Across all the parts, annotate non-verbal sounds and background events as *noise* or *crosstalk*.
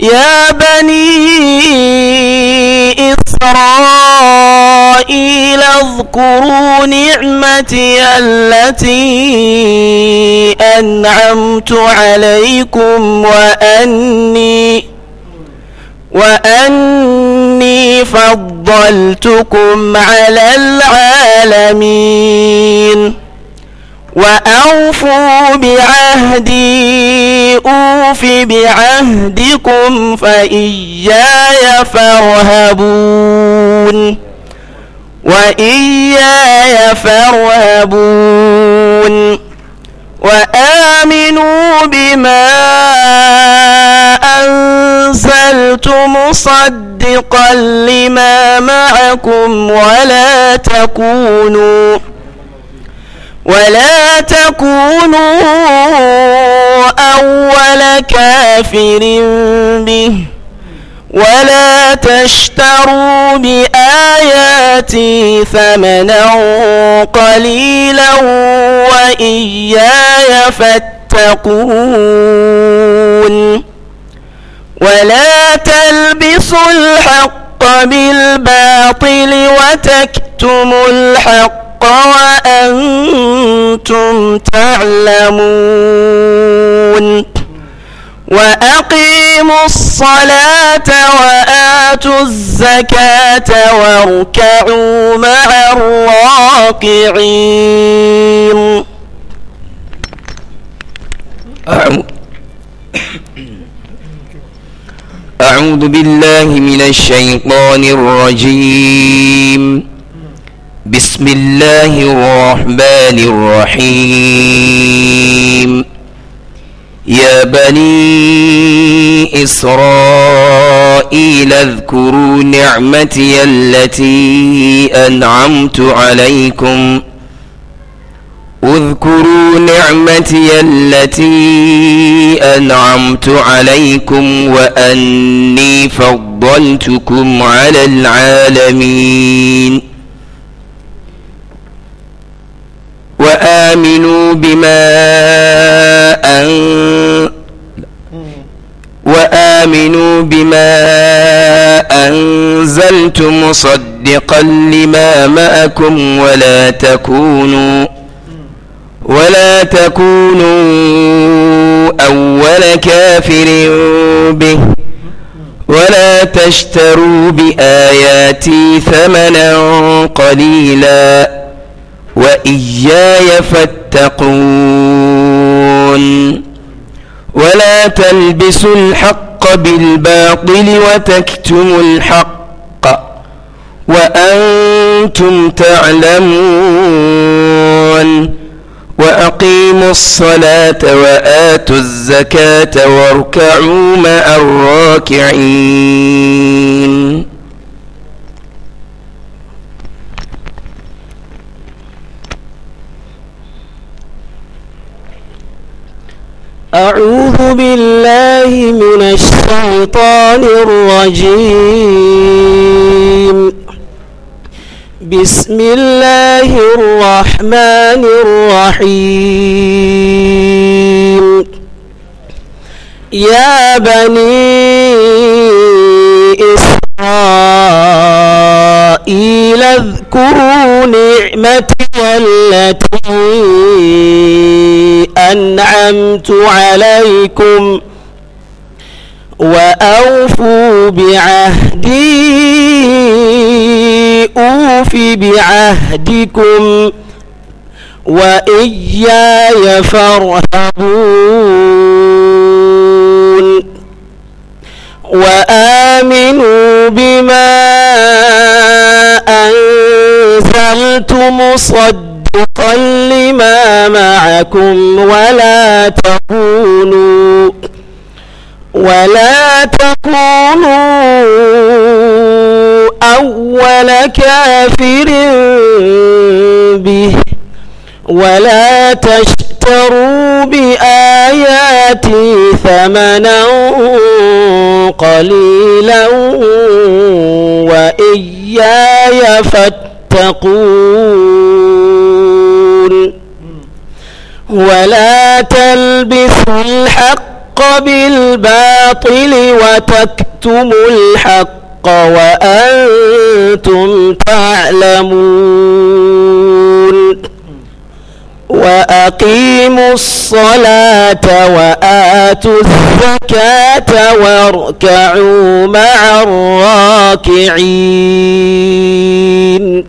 يا بني إسرائيل اذكروا نعمتي التي أنعمت عليكم وأني وأني فضلتكم على العالمين وأوفوا بعهدي أوف بعهدكم فإياي فارهبون وإياي فارهبون وآمنوا بما أنزلت مصدقا لما معكم ولا تكونوا ولا تكونوا أول كافر به ولا تشتروا بآياتي ثمنا قليلا وإياي فاتقون ولا تلبسوا الحق بالباطل وتكتموا الحق الحق وأنتم تعلمون وأقيموا الصلاة وآتوا الزكاة واركعوا مع الراكعين أعوذ بالله من الشيطان الرجيم بسم الله الرحمن الرحيم يا بني إسرائيل اذكروا نعمتي التي أنعمت عليكم اذكروا نعمتي التي أنعمت عليكم وأني فضلتكم على العالمين آمنوا بما أن وآمنوا بما أنزلت مصدقا لما معكم ولا تكونوا ولا تكونوا أول كافر به ولا تشتروا بآياتي ثمنا قليلا وإياي فاتقون ولا تلبسوا الحق بالباطل وتكتموا الحق وأنتم تعلمون وأقيموا الصلاة وآتوا الزكاة واركعوا مع الراكعين أعوذ بالله من الشيطان الرجيم بسم الله الرحمن الرحيم يا بني إسرائيل اذكروا نعمتي التي أنعمت عليكم وأوفوا بعهدي أوف بعهدكم وإياي فارهبون وأ مصدقا لما معكم ولا تقولوا ولا تكونوا أول كافر به ولا تشتروا بآياتي ثمنا قليلا وإياي فاتقوا تتقون ولا تلبسوا الحق بالباطل وتكتموا الحق وأنتم تعلمون وأقيموا الصلاة وآتوا الزكاة واركعوا مع الراكعين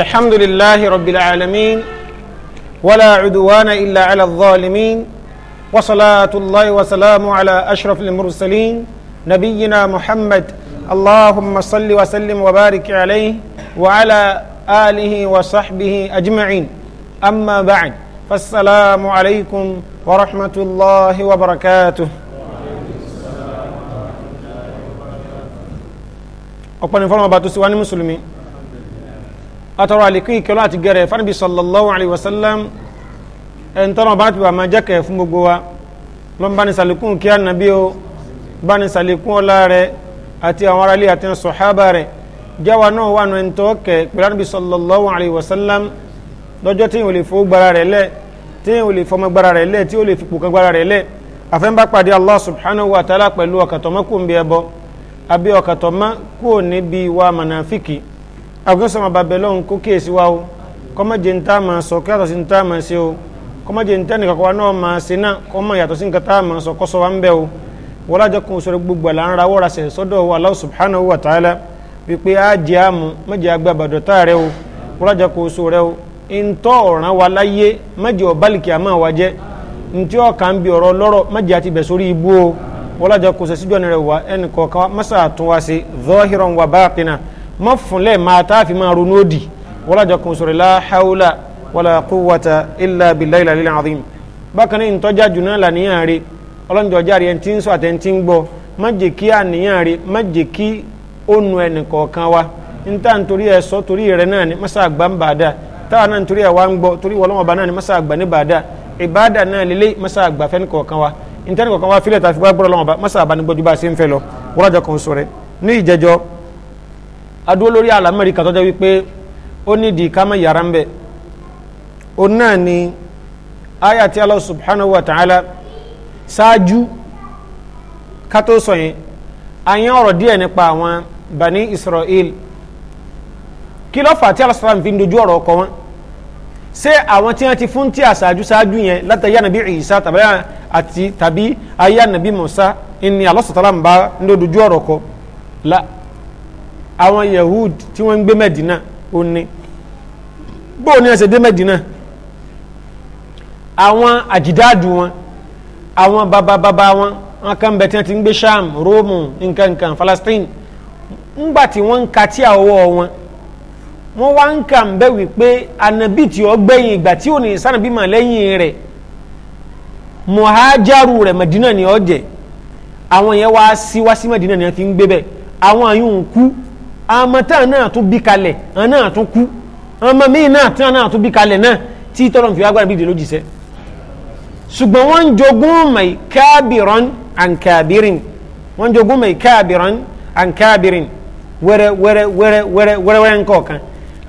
الحمد لله رب العالمين ولا عدوان إلا على الظالمين وصلاة الله وسلام على أشرف المرسلين نبينا محمد اللهم صل وسلم وبارك عليه وعلى آله وصحبه أجمعين أما بعد فالسلام عليكم ورحمة الله وبركاته أقبل فلما باتوسي سواني مسلمين atọrọ àlékún ìkẹlọ àti gẹrẹ fanabi sallallahu alayhi wa sallam ẹn tọrọ bá ti wà máa jẹkẹ fún gbogbo wa lọ́n bá ní sàlékún kí á nàbí o bá ní sàlékún ọlá rẹ̀ àti àwọn aráàlú àti sọ̀hábà rẹ̀ jáwa náà wà nù ẹn tọ́ kẹ pẹ̀lú ànábi sallallahu alayhi wa sallam lọ́jọ́ tí yìí ò lè fowó gbára rẹ̀ lẹ̀ tí yìí ò lè fọmọ gbára rẹ̀ lẹ̀ tí yìí ò lè fipò kan gbára rẹ̀ lẹ̀ àfẹnbá pàdé allah subhanahu wa ta'ala pẹ̀lú ọkàtọ̀mọ́ kò ń bí ẹbọ àbí ọkàtọ̀mọ́ kò ní wa mànàfíkì àgbẹ̀sọ̀ máa bàbẹ̀ lọ́hùn kó kíyèsí wa o kọ́mọ̀jẹ̀ ń tá máa sọ kí yàtọ̀ sí ń tá máa ṣe o kọ́mọ̀jẹ̀ ń tẹ́ nìkan kan wa náà máa ṣe náà kọ́mọ̀ yàtọ̀ sí nǹkan tá máa sọ kọ́sọ̀ wa ń bẹ̀ o wọ́lájọ́ kan òṣèré gbogbo àlà ń ra wọ́ra sẹ̀ sọ́dọ̀ wa Allah subhanahu wa ta'ala wípé á jẹ́ àmú mẹ́jẹ̀ àgbà àbàdọ̀ tá rẹ o wọ́lájọ́ kan òṣèré o ntọ́ ọ̀ràn wa láyé mẹ́jẹ̀ ọ̀bálìkì àmọ́ àwa jẹ́ ntí ọ̀kà ń bi ọ̀rọ̀ lọ́rọ̀ mẹ́jẹ̀ àti bẹ̀ sórí ibú o wọ́lájọ́ kan òṣèré síjọ́ ni rẹ̀ wá ẹnì kọ̀ọ̀kan mẹ́sà àtúnwá sí zọ́hírọ̀ wa báàkínà mọ́ fúnlẹ̀ máa tá a fi máa ronú òdì wọ́n lájọ kan sọ̀rọ̀ la hawla wala quwwata illa billahi al-ali al-azim bákan ní ìtọ́jà jù náà làníyàn rẹ̀ ọlọ́njọ́ járe ẹni tí ń sọ àti ẹni tí ń gbọ́ má jẹ́ kí àníyàn rẹ̀ má jẹ́ kí ó nu ẹnì kọ̀ọ̀kan wa níta nítorí ẹ sọ torí rẹ náà ni mọ́sá àgbà ń bàdà táwa náà nítorí ẹ wá ń gbọ́ torí wọ́n lọ́wọ́ bá náà ni mọ́sá àgbà ní bàdà adúró lórí àlámẹ́ríkà tó jẹ́ wípé ó nídìí ká má yàrá ń bẹ̀ ó náà ni aya tí Allah subhanahu wa ta'ala ṣáájú ká tó sọ yẹn àyẹn nípa àwọn bani Israel kí ló fà tí Allah subhanahu fi ń dojú ọ̀rọ̀ ọkọ wọn ṣé àwọn tí wọ́n ti fún tí àṣáájú ṣáájú yẹn látàyà nàbí Ìsá àti tàbí ayé nàbí Mùsá ìní Allah subhanahu ń bá ń dojú ọ̀rọ̀ kọ la àwọn yahud tí wọ́n ń gbé mẹ́dínà ó ní bóò ní dé mẹ́dínà àwọn àjìdáàdù wọn àwọn babababa wọn wọn kàn bẹ ti ń sham Romu, nǹkan nǹkan Palestine wọ́n ń ka wọn wọ́n wá ń kà ń bẹ́ wípé anabi tí ó gbẹ̀yìn ìgbà tí ò ní mà muhajaru ni àwọn yẹn wá sí wá sí ni àmọ́tá náà tún bí kalẹ̀ àwọn náà tún kú ọmọ míì náà tí wọn náà tún bí kalẹ̀ náà tí tọ́lọ̀ fi agbára bí ìdèlójì sẹ́ ṣùgbọ́n wọ́n ń jogún mọ̀ kábìrán àǹkàbìrín wọ́n ń jogún mọ̀ kábìrán àǹkàbìrín wẹ́rẹ́ wẹ́rẹ́ wẹ́rẹ́ wẹ́rẹ́ wẹ́rẹ́ wẹ́rẹ́ nkọ̀ọ̀kan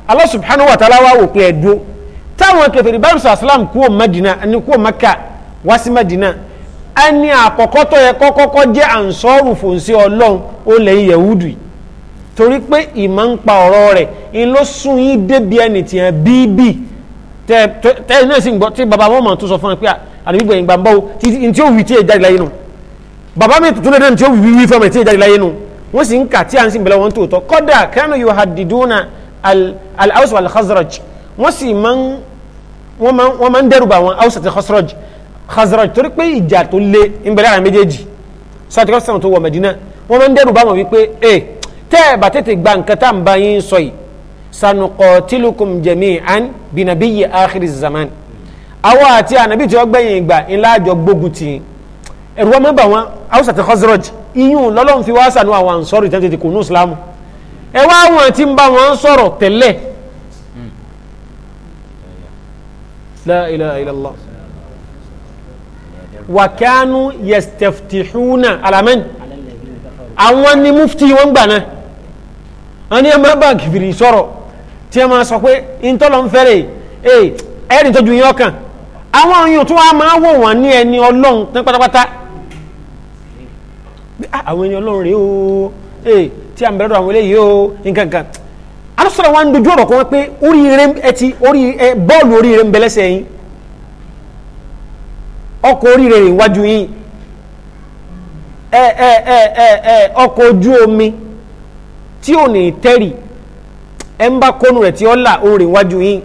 Allah subhanahu wa ta'ala wa wò pé ẹ̀dúró táwọn kẹfẹ́rì madina ẹni kúrò maka madina ẹni àkọ́kọ́ tó yẹ kọ́kọ́kọ́ jẹ́ ansọ́rù fòǹsẹ́ ọlọ́run ó lẹ́yìn yahudu torí pé ìmọ̀ ń pa ọ̀rọ̀ rẹ̀ ń ló sún yín débi ẹni tí yẹn bíbí tẹ tẹ iná sì ń gbọ́ tí baba wọn mọ̀ tó sọ fún mi pé àdébí gbẹ̀yìn gbà ń bọ̀ o tí tí ó wì tí èyí jáde láyé nu baba mi tuntun dandan tí ó wì wí fún mi tí èyí jáde láyé nu wọ́n sì ń kà tí à ń sìn bẹ̀rẹ̀ wọn tó kọ́dà kánú yóò hadiduna al-Aws wal-Khazraj wọ́n sì máa ń wọ́n máa ń dẹ́rù bá wọn Aws àti Khazraj Khazraj torí pé ìjà tó le ń bẹ̀rẹ̀ àwọn méjèèjì sọ́ọ́ àti kọ́sítọ́nù tó wọ̀ Mẹ́dínà wọ́n máa ń dẹ́rù bá wọn wípé ee tẹ́ ẹ̀ bá tètè gba nǹkan tá à ń bá yín sọ yìí sanuqatilukum jami'an binabiyi akhiri zaman àwa àti ànábì tí wọ́n gbẹ̀yìn ìgbà ńlá àjọ gbógun tì í ẹ̀rù wọn mẹ́bà wọn haúsá ti Khazraj iyún lọ́lọ́run fi wá sànú àwọn ànsọ́rù ìtẹ́tẹ́ ti kò ní ìsìlámù ẹ wá àwọn tí ń bá wọn sọ̀rọ̀ tẹ́lẹ̀ la ilaha illallah àwọn ni mufti wọn gbà náà wọn ní ẹ máa bá kìfìrì sọ̀rọ̀ tí pé ju yín ọkàn àwọn òyìn tó wá máa wò wọ́n ní ẹni tán pátápátá awon ah, re o tí a ń bẹ̀rẹ̀ dọ̀ àwọn eléyìí o wa ń ori ọ̀rọ̀ kan pé oríire ẹtì bọ́ọ̀lù oríire ń bẹ̀lẹ́sẹ̀ ojú omi tí ò ní tẹ́rì ẹ̀ ń bá kónú rẹ̀ tí ó là òun rè wájú yín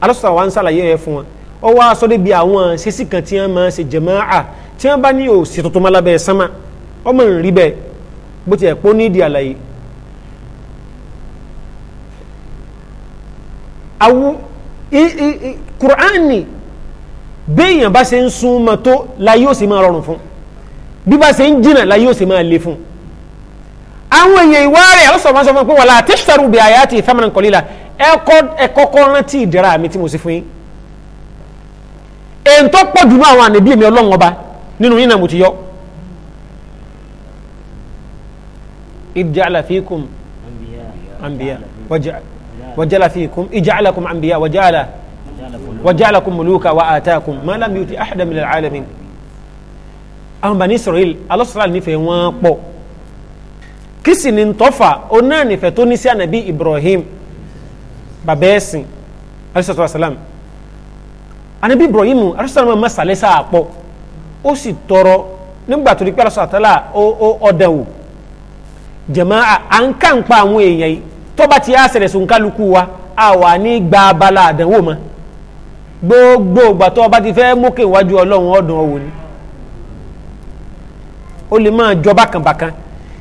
alásùtà wa ń sàlàyé rẹ̀ fún wọn ó wá aṣọ débi àwọn ṣíṣí kan tí wọ́n máa ṣe jàmáà tí wọ́n bá ní òsì tuntun máa lábẹ́ sánmà ọmọ ìrìn rí bẹ́ẹ̀ bó ti ẹ̀ pọ́ ní ìdí àlàyé awu kur'ani béèyàn bá ṣe ń súnmọ́ tó la yóò sì máa rọrùn fún bí bá ṣe ń jìnnà la yóò sì máa le fún un àwọn èèyàn ìwá rẹ̀ ọlọ́sọ̀mọ́sọ fún pé wà láti ṣàrù bí àyà àti ìfẹ́mọ̀nà kọ̀lílà ẹ kọ́kọ́ rántí ìdẹ̀ra mi tí mo sì fún yín èyí tó pọ̀ jù àwọn ànàbí mi ọlọ́run ọba nínú yín náà mo ti yọ. ìjàlá fíkùm àǹbíyà wàjàlá fíkùm ìjàlá kùm àǹbíyà wàjàlá wàjàlá kùm mùlùkà wà àtàkùm mọ́lámi yóò ti àhàdàmìlẹ̀ àlàmì àwọn Bani Israil alọ́sọ̀rọ̀ kí sì ni ntọ́fà onáà nífẹ̀ tó ní sí ànábì Ibrahim bàbá ẹ̀sìn alisatu asalam ànábì Ibrahim alisatu masalẹ̀ sáà pọ̀ ó sì tọrọ nígbà tó di pé alisatu atala o wò jamaa à ń kà ń pa àwọn èèyàn yìí tọ́ba ti á ṣẹlẹ̀ sùn kálukú wa a wà ní gba abala àdánwò mọ́ gbogbo ìgbà tó ọba ti fẹ́ mókè iwájú ọlọ́run ọdún ọ̀wọ̀ ni ó lè máa jọba kànbàkan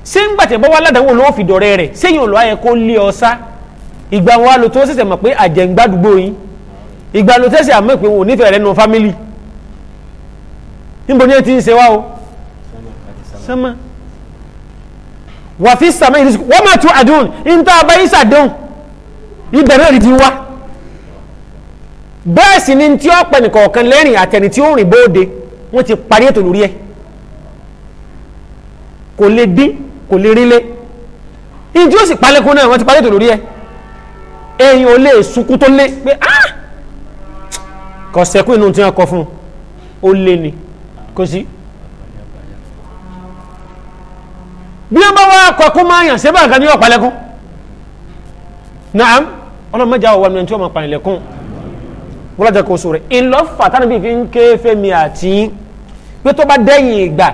ṣé ń gbàtẹ̀ bọ́ wá ládàáwò ló fi dọ̀rẹ́ rẹ̀ sẹ́yìn olùwà yẹ kó lé ọ sá ìgbà wa lo tó ṣẹ̀ṣẹ̀ mọ̀ pé àjẹ̀ǹgbàdúgbò yín ìgbà lo tẹ́sẹ̀ àmọ́ ìpè wọn ò nífẹ̀ẹ́ rẹ̀ nu fámìlì níbo ni ẹ ti ń ṣe wá o sánmà wà fi sàmà ìrísí wọ́n máa tún àdéhùn níta abá yín sàdéhùn ibẹ̀ náà rí ti wá bẹ́ẹ̀ sì ni tí ó nìkọ̀ọ̀kan lẹ́rìn àtẹni tí ó rìn bóde wọ́n ti parí ètò lórí ẹ̀ kò lè dín kò lè rí lé ìdí ó sì palẹ́kùn náà wọ́n ti palẹ́tò lórí ẹ̀ ẹ̀yìn ò lè sunkún tó lé pé ah kò sẹ́kù inú tí wọ́n kọ fún ó lé ni kò sí. bí wọ́n bá wá kọ kó máa yàn sẹ́bà nǹkan ní wọ́n palẹ́kùn naam ọlọ́mọdé àwọn wàmí tí wọ́n máa palẹ̀kùn wọ́n lọ́jà kó sóore ìlọ́fà tánàbí fi ń ké fẹ́mi àti pé tó bá dẹ́yìn ìgbà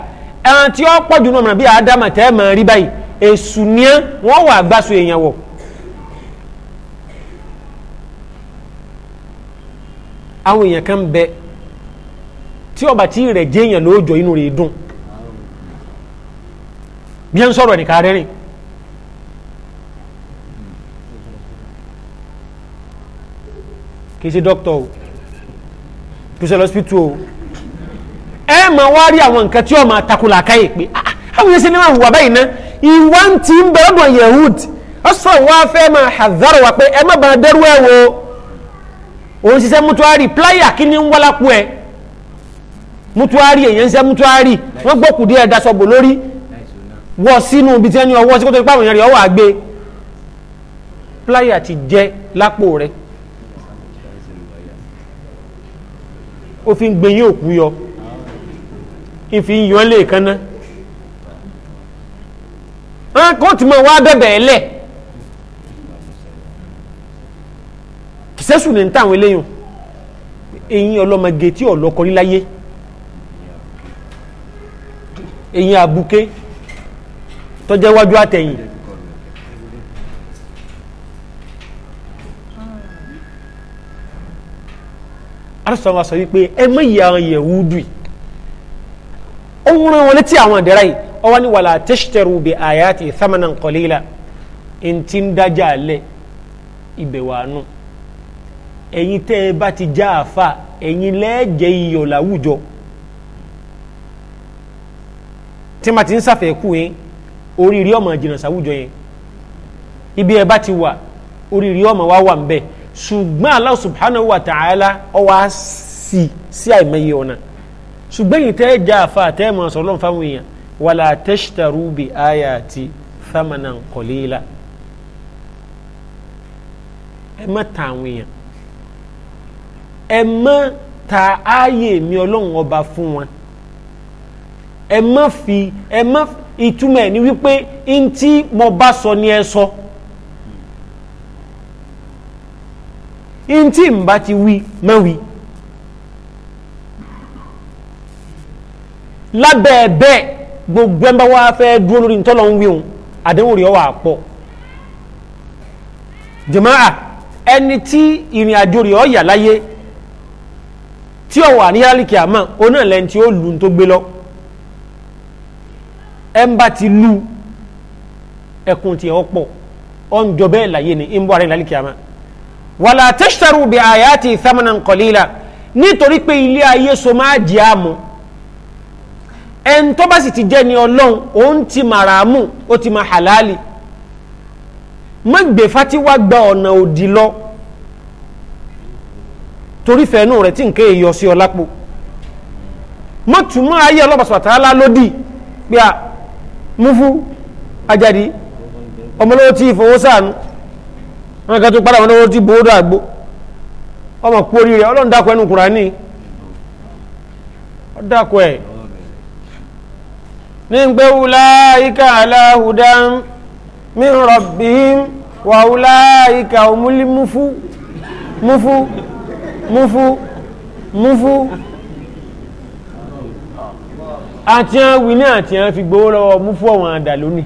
ẹran tí ó pọ̀jù náà bí àádámà tẹ́ mọ̀ rí báyìí èṣù ni wọ́n wà gbàsó èèyàn wọ̀ àwọn èèyàn kan bẹ tí ọba tí rẹ̀ jẹ́ èèyàn lóòjọ́ inú rẹ̀ dùn bí ẹ ń sọ̀rọ̀ nìkan rẹ́rìn kì í ṣe dókítà o kì í ṣe lọ́sítù o. e ma wá rí àwọn nǹkan tí ó máa takùlà káyè pé àwọn ah, ah, yẹn ṣe ní máa hùwà báyìí ná ìwà ń ti ń bẹ̀rẹ̀ ọ̀dọ̀ wa fẹ́ máa hazard wa pé ẹ má bàa ẹ wo òun mutuari pláyà kí ni ń wá ẹ mutuari èèyàn ṣiṣẹ́ mutuari wọ́n gbọ́ kùdí ẹ̀ daṣọ bò lórí wọ sínú ibi tí wọ́n ní ọwọ́ sí kótó ipá ti jẹ lápò rẹ yọ. ìfi yọ lè kanna kó tí mo wá bẹ̀bẹ̀ ẹ̀ lẹ̀ kìsẹ́sù ní táwọn eléyìn eyín ọlọ́mọge tí ọlọ́kọ níláyé eyín abuké tọ́jẹ́ wájú àtẹ̀yìn arásọ̀wọ́n sọ wípé ẹ mọ̀ yìí àwọn yẹ̀wù ó ń rán wọn létí àwọn àdẹ́rà yìí ó wá ní wàlá tẹ́sítẹ́rù bí àyàtì thamanan qalila ntí ń dájà alẹ́ ibẹ̀ wà nù ẹ̀yin tẹ́ ẹ bá ti já àfa ẹ̀yin lẹ́ẹ̀jẹ̀ iyọ̀ láwùjọ tí ma ti ń sàfẹ́ kú yẹn oríire ọmọ jìnnà sáwùjọ ibi ẹ bá ti wà oríire ọmọ wa wà ń bẹ ṣùgbọ́n subhanahu wa ta'ala ó wá sí sí àìmọye ọ̀nà. Si, ṣùgbọ́n yìí tẹ́ já àfa àtẹ́mọ̀ sọ̀rọ̀ fáwọn èèyàn wàlà tẹ́sítàrú bi ayati thamanan qalila ẹ má ta àwọn èèyàn ẹ má ta ààyè mi ọlọ́run ọba fún wọn ẹ má fi ẹ má ìtumọ̀ ẹ̀ ni wípé ntí mo bá sọ ni ẹ sọ ntí n bá ti wí má wí. lábẹ́ bẹ́ẹ̀ gbogbo ẹ̀ ń bá wá fẹ́ dúró lórí ntọ́lọ̀ ń wíhun àdéhùn rẹ̀ wà pọ̀ jàmáà ẹni tí ìrìn àjò rẹ̀ ọ̀yà láyé tí ọ̀wà ní yálìkì àmọ́ onáà lẹ́ni tí ó lù ń tó gbé lọ ẹ̀ ń bá ti lù ẹkùn tiẹ̀ ọ̀pọ̀ ọ̀njọ́ bẹ́ẹ̀ láyé ni ń bọ́ ara ẹ̀ lálìkì àmọ́ wàlà tashtaru bi ayati thamanan qalila nítorí pé ilé ayé so máa jẹ́ àmọ́ ẹn tó bá sì ti jẹ́ ni ọlọ́run òun ti màràmù ó ti ma halali má gbé fatiwa gba ọ̀nà òdì lọ torí fẹ́ẹ́nù rẹ̀ tí nǹkan èèyàn sí ọ lápò má túmọ̀ ayé ọlọ́pàá tààlà lódì pé a mú fún ajadi ọmọlọ́wọ́ tí ìfowó sànù wọn kẹ́ tó padà wọn lọ́wọ́ tí bòódà àgbo ọmọ kú oríire ọlọ́run dákọ̀ ẹnu Kùránì ọ̀dàkọ̀ ẹ̀ ní pé ulaika ala hudan min rabbihim wa ulaika òmúlí múfú múfú múfú múfú àti àwọn wí ní àti àwọn fi gbowó lọ́wọ́ múfú ọ̀wọ̀n àdà lónìí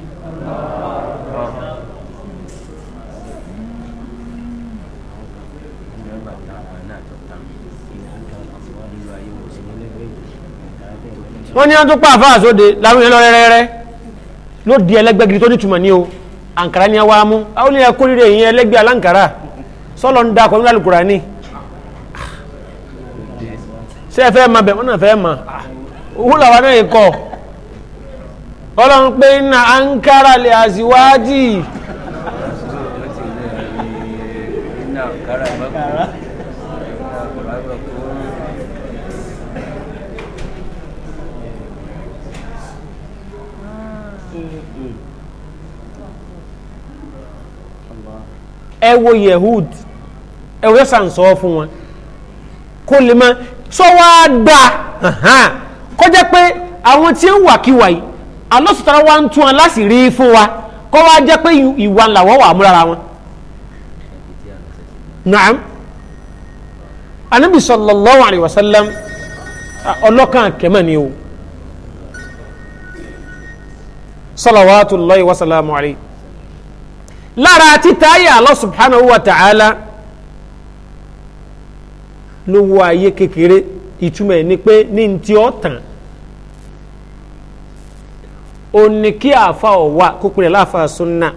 wọ́n ní wọ́n tún pa àfáà sóde láwọn èèyàn lọ rẹ́rẹ́rẹ́ ló di ẹlẹ́gbẹ́giri tó nítumọ̀ ní o àǹkàrá ni wàá mú àwọn èèyàn kó rírẹ̀ yìí ẹlẹ́gbẹ́ aláǹkàrá sọ́lọ́ ń da akọ̀ nílẹ̀ alukurani ṣé ẹ fẹ́ ma bẹ̀ wọ́n náà fẹ́ ma owó làwọn náà yìí kọ́ ọlọ́run pé ń na lè àṣìwájì. ẹ wo yehud ẹ wọ́n sàn sọ fún wọn kó lè mọ sọ́wọ́ á gbà kọjá pé àwọn tí ń wà kíwà yìí alọ́sọ̀tara wa ń tún wọn láti rí fún wa kọ́ wa jẹ́ pé ìwà làwọ́ wà múlára wọn. naam anabi sallallahu alayhi wa sallam ọlọ́kàn kẹ́mẹ́ ni o salawatullahi wa salamu alayhi. lára títa ayé Allah subhanahu wa ta'ala ló wọ ayé kékeré ìtumọ̀ ẹ̀ pé ní ti ọ́ tàn ó ní kí àfa ọ̀wà kókùnrin láfa sunna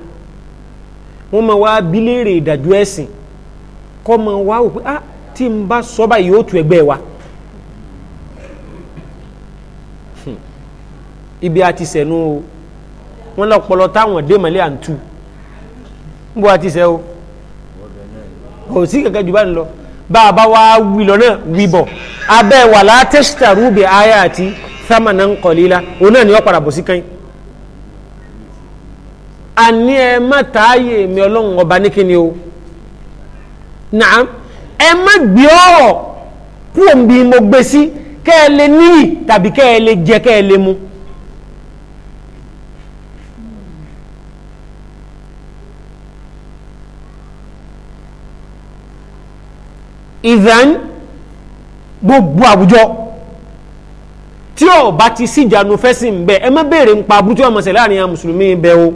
wọ́n máa wá bíléèrè ìdájọ́ ẹ̀sìn kọ́ máa wá wò pé ah tí n bá sọ báyìí yóò tu wa hmm. ibi àti sẹ̀nu wọn lọ́pọ̀lọ́ táwọn dé mọ́lẹ́ ń a ti sẹ o kò sí kẹ̀kẹ́ jù bá ń lọ bá a bá wá wí bọ̀ abẹ́ wà látẹ́sítà rúbì ayé àti sámànà kọ̀lílá òun náà ni wọ́n padà bọ̀ sí kẹ́yìn. àní ẹ má mi ọlọ́run ọba ní kíni o nàám ẹ má gbé ọ̀rọ̀ kúòmù mo gbé sí kẹ́ ẹ lè níyì tàbí ìdán gbogbo àwùjọ tí ò bá ti síjànú fẹ́sì ń bẹ ẹ má béèrè ń pa burúkú ọmọ sẹ̀lá àríyàn mùsùlùmí bẹ o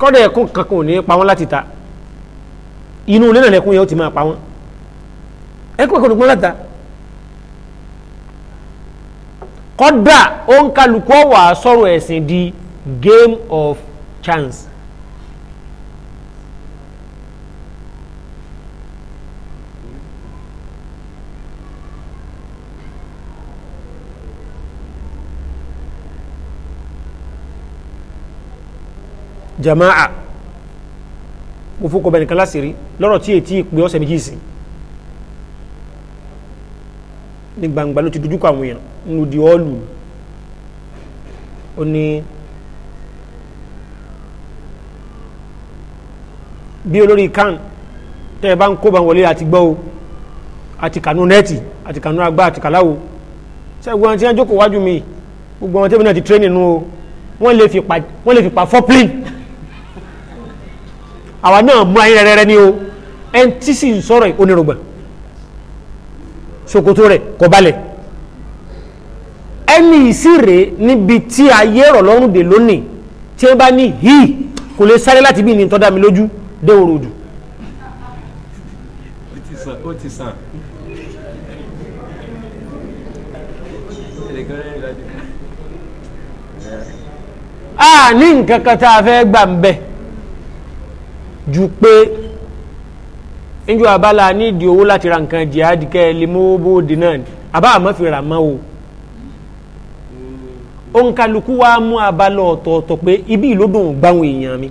kọ́dọ̀ ẹ̀kún kankan ò ní pa wọ́n láti ta inú ilé náà lẹ́kún yẹn ó ti máa pa wọ́n ẹ̀kún ẹ̀kún òdùnkún láti ta kọ́dà ó ń kálukú ọ̀wà sọ̀rọ̀ ẹ̀sìn di game of chance jama'a mo fọkọ bẹnìkan lásìrí lọ́rọ̀ tí èyí tí ìpè ọ̀sẹ̀ méjì sí ní gbangba ló ti dojúkọ àwọn èèyàn nínú di ọ́ọ̀lù ó ní bí olórí kan tẹ́ ẹ bá ń kó bá wọlé àti gbọ́ o àti kànú nẹ́ẹ̀tì àti kànú agbá àti kàláwo ṣẹ́gun àwọn tí wọ́n wájú mi gbogbo àwọn tẹ́bí náà ti tírénì nù o wọ́n lè fi pa fọ́pìlì àwa náà mú ayé rẹrẹrẹ ni o ẹn tí sì ń sọ̀rọ̀ onírògbà ṣòkòtò rẹ̀ kò balẹ̀ ẹni ìsírè níbi tí ayé rọ̀ lọ́rùn dè lónìí tí ó bá ní hí kò lè sáré láti bí ní tọ́da mi lójú dé òru jù. a ní nǹkan kan tá a fẹ́ gbà ń bẹ́ẹ̀ ju pé njọ abala nídìí owó láti ra nǹkan jihad kẹ́ ẹ lè mówó bóde náà àbá àmọ́ fi rà mọ́ o òǹkàlùkù wa mú abala ọ̀tọ̀ọ̀tọ̀ pé ibi ìlódùn gbáwọn èèyàn mi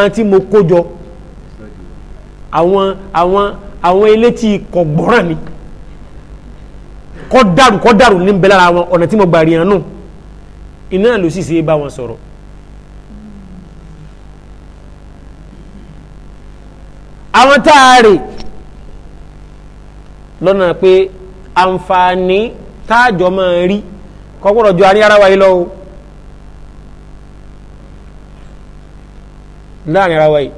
àti mo kó jọ àwọn àwọn àwọn elétí kọ̀gbọ́ràn mi kọ́ dàrú kọ́ dàrú ní bẹ́ẹ̀ lára wọn ọ̀nà tí mo gbà rí hàn nù iná ló sì ṣe é bá wọn sọ̀rọ̀ àwọn tá a rè lọ́nà pé àǹfààní táàjọ máa rí kọ́kọ́rọ̀ ju àárín ara wa yìí lọ o láàrin ara wa yìí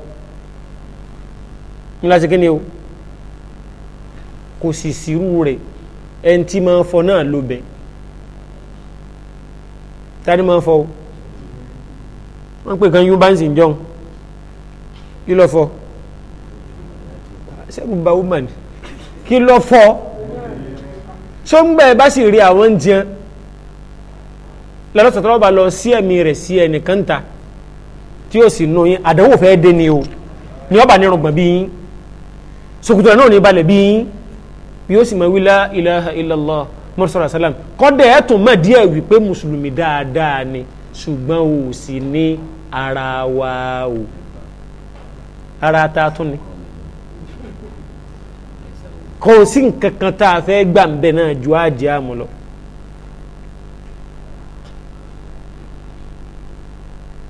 ńlá ṣe kíni o kò sì sírú rẹ̀ ẹni tí máa ń fọ náà ló bẹ̀ tani máa ń fọ o wọ́n pè kan yúbánsì jọun kí ló fọ́ o sẹ́gun ba woman kí ló fọ́ sọ́ngbà ẹ̀ bá sì rí àwọn ń jẹun lọ́dọ̀ sọ̀tọ́ bá lọ sí ẹ̀mí rẹ̀ sí ẹnìkan ta tí ó sì nù yín àdánwò fẹ́ dé ni o ni ọba ní irùngbọ̀n bí yín sòkòtò náà ní balẹ̀ bí yín yóò sì mọ wílá ilaha illallah mọ́tòsọ́rọ̀ sálám kọ́dẹ̀ ẹ̀ tún mọ̀ díẹ̀ wípé mùsùlùmí dáadáa ni ṣùgbọ́n o sì ní ara wa o ara ta tún ni kò sí nǹkan kan tá a fẹ́ gbà ń bẹ̀ náà ju àjẹ àmú lọ.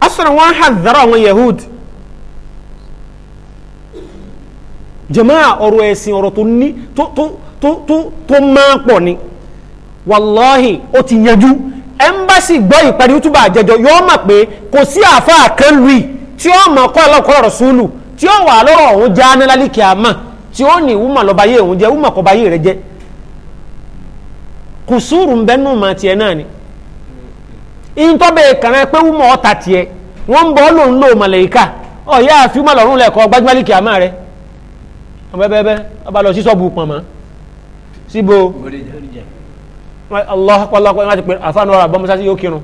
asọ̀rọ̀ wọn hàdàrà àwọn yahud jamaa ọ̀rọ̀ ẹ̀sìn ọ̀rọ̀ tó ní tó tó tó tó máa pọ̀ ni wàláhì ó ti yanjú ẹmbásì gbọ́ ìparí yútúbà àjẹjọ yóò mọ̀ pé kò sí àáfàá kan lùi tí ó mọ̀ kọ́ ọlọ́kọ́ ọ̀rọ̀ sùúlù tí ó wà lọ́rọ̀ òun jáánálálì kìámà tí ó ní wúmà lọ́ba yé òun jẹ́ wúmà kọ́ba yé rẹ jẹ́ kùsùrù ń bẹ́nu mà tiẹ̀ náà ni ìtọ́bẹ̀ kànáà pé wúmà ọ̀tà tiẹ̀ wọ́n ń bọ́ lòun lò màlẹ́yìká ọ̀yá àfi wúmà lọ́rùn lẹ́kọ̀ọ́ gbajúmọ́lì kìámà rẹ ọ̀bẹ́bẹ́bẹ́ ọba lọ sí sọ́ọ̀bù pọ̀nmọ́ síbo allah akpọlọpọ láti pè àfáànù ọ̀rọ̀ àbọ̀mọ́sá sí yóò kírun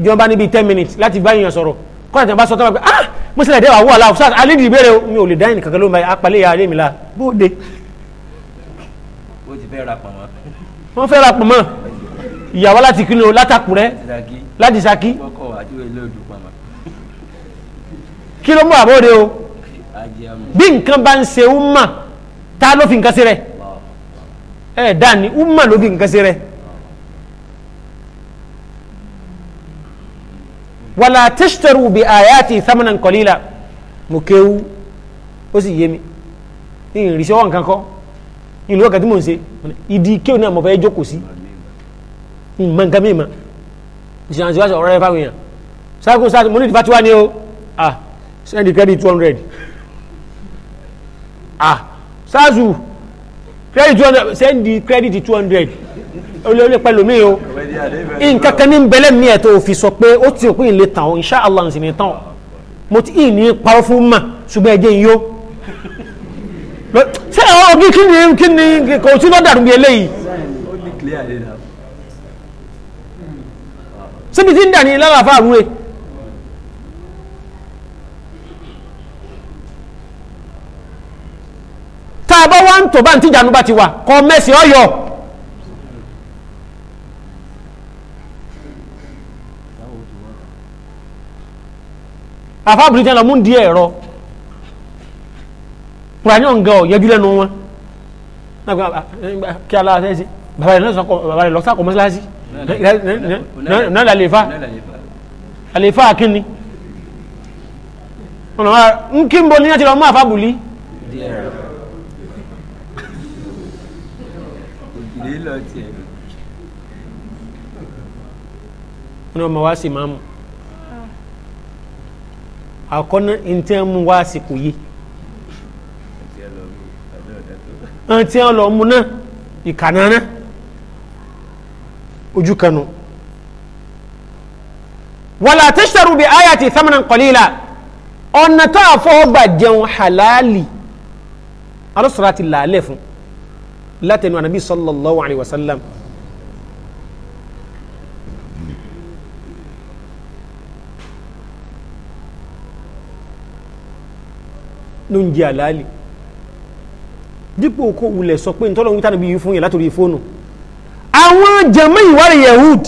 jọba níbi ten minutes láti bá èèyàn sọ̀rọ̀ kọ́ńtà tí wọ́n bá sọ tó pé ah mọ́sílẹ̀ dẹ́wà wọ́ aláwọ̀ sáà alẹ́ ìdìbò rẹ̀ mi ò lè dáhìn kankan ló ń báyìí apalẹ̀ ya alẹ́ mi la bóde. wọ́n fẹ́ ra pọ̀nmọ́ ìyàwó láti kí ni o látàkùrẹ́ láti saki. kí ló mú àbóde o bí nǹkan bá ń ṣe umma ta ló fi nǹkan ṣe rẹ̀ ẹ̀ dani umma ló fi nǹkan ṣe rẹ̀. wala tashtaru bi ayati thamanan qalila mo kéwu ó sì yé mi ìrìnsẹ wọn kankan kọ ìlú ọkà tí mò ń ṣe ìdí kéwù náà mo fẹ́ jókòó sí mọ nǹkan mi mọ ìṣàn àti wáṣọ ọ̀rẹ́ fáwọn èèyàn sáàkùn sáàkùn mo ní ìdìbà tí wà o ah send credit two hundred ah sáàsù credit two hundred send credit two hundred olóòlè pẹ̀lú mi o nǹkan kan ní bẹ́lẹ̀ mi ẹ̀ tó fi sọ pé ó ti òpin ìlé tàn ọ́ insha ní tàn mo ti ìní parọ́ mà ṣùgbọ́n ẹ̀jẹ̀ yìí ó ṣé ọ kí ni kí ni kò tí lọ́ dàrú eléyìí. síbi tí ń dà ní lára àfa e. tá a bá wá ń tò bá ń tíjà nu bá ti wà kọ́ mẹ́sì ọ̀yọ́. àfáàbùrì jẹ́ lọ́mú díẹ̀ ẹ̀rọ kùránì ọ̀ǹgá ọ̀ yẹjú lẹ́nu wọn kí aláàfẹ́ sí bàbá rẹ̀ lọ́sàkọ̀ bàbá rẹ̀ lọ́sàkọ̀ mọ́sálásí náà làlèfà àlèfà kínni ọ̀nà wa ń kí n bọ̀ ní láti lọ mú àfáàbùrì ní ọmọ wa sì máa mú àkọ́nà ntí wọn mú wá àsìkò yìí ntí wọn lọ mú náà ìkànnà ojú kanu wàlá tẹ́sítẹ́rù bíi ayati thamanan qalila ọ̀nà tó àfọwọ́gbà jẹun halali alọ́sọ̀rọ̀ àti làálẹ̀ fún látẹnu anabi sallallahu alayhi wa ló ń jẹ àlàálì dípò kó wulẹ̀ sọ pé nítorí ohun tánàbí yìí fún yẹn látòrí fóònù àwọn jẹ̀mọ́ ìwárì yehud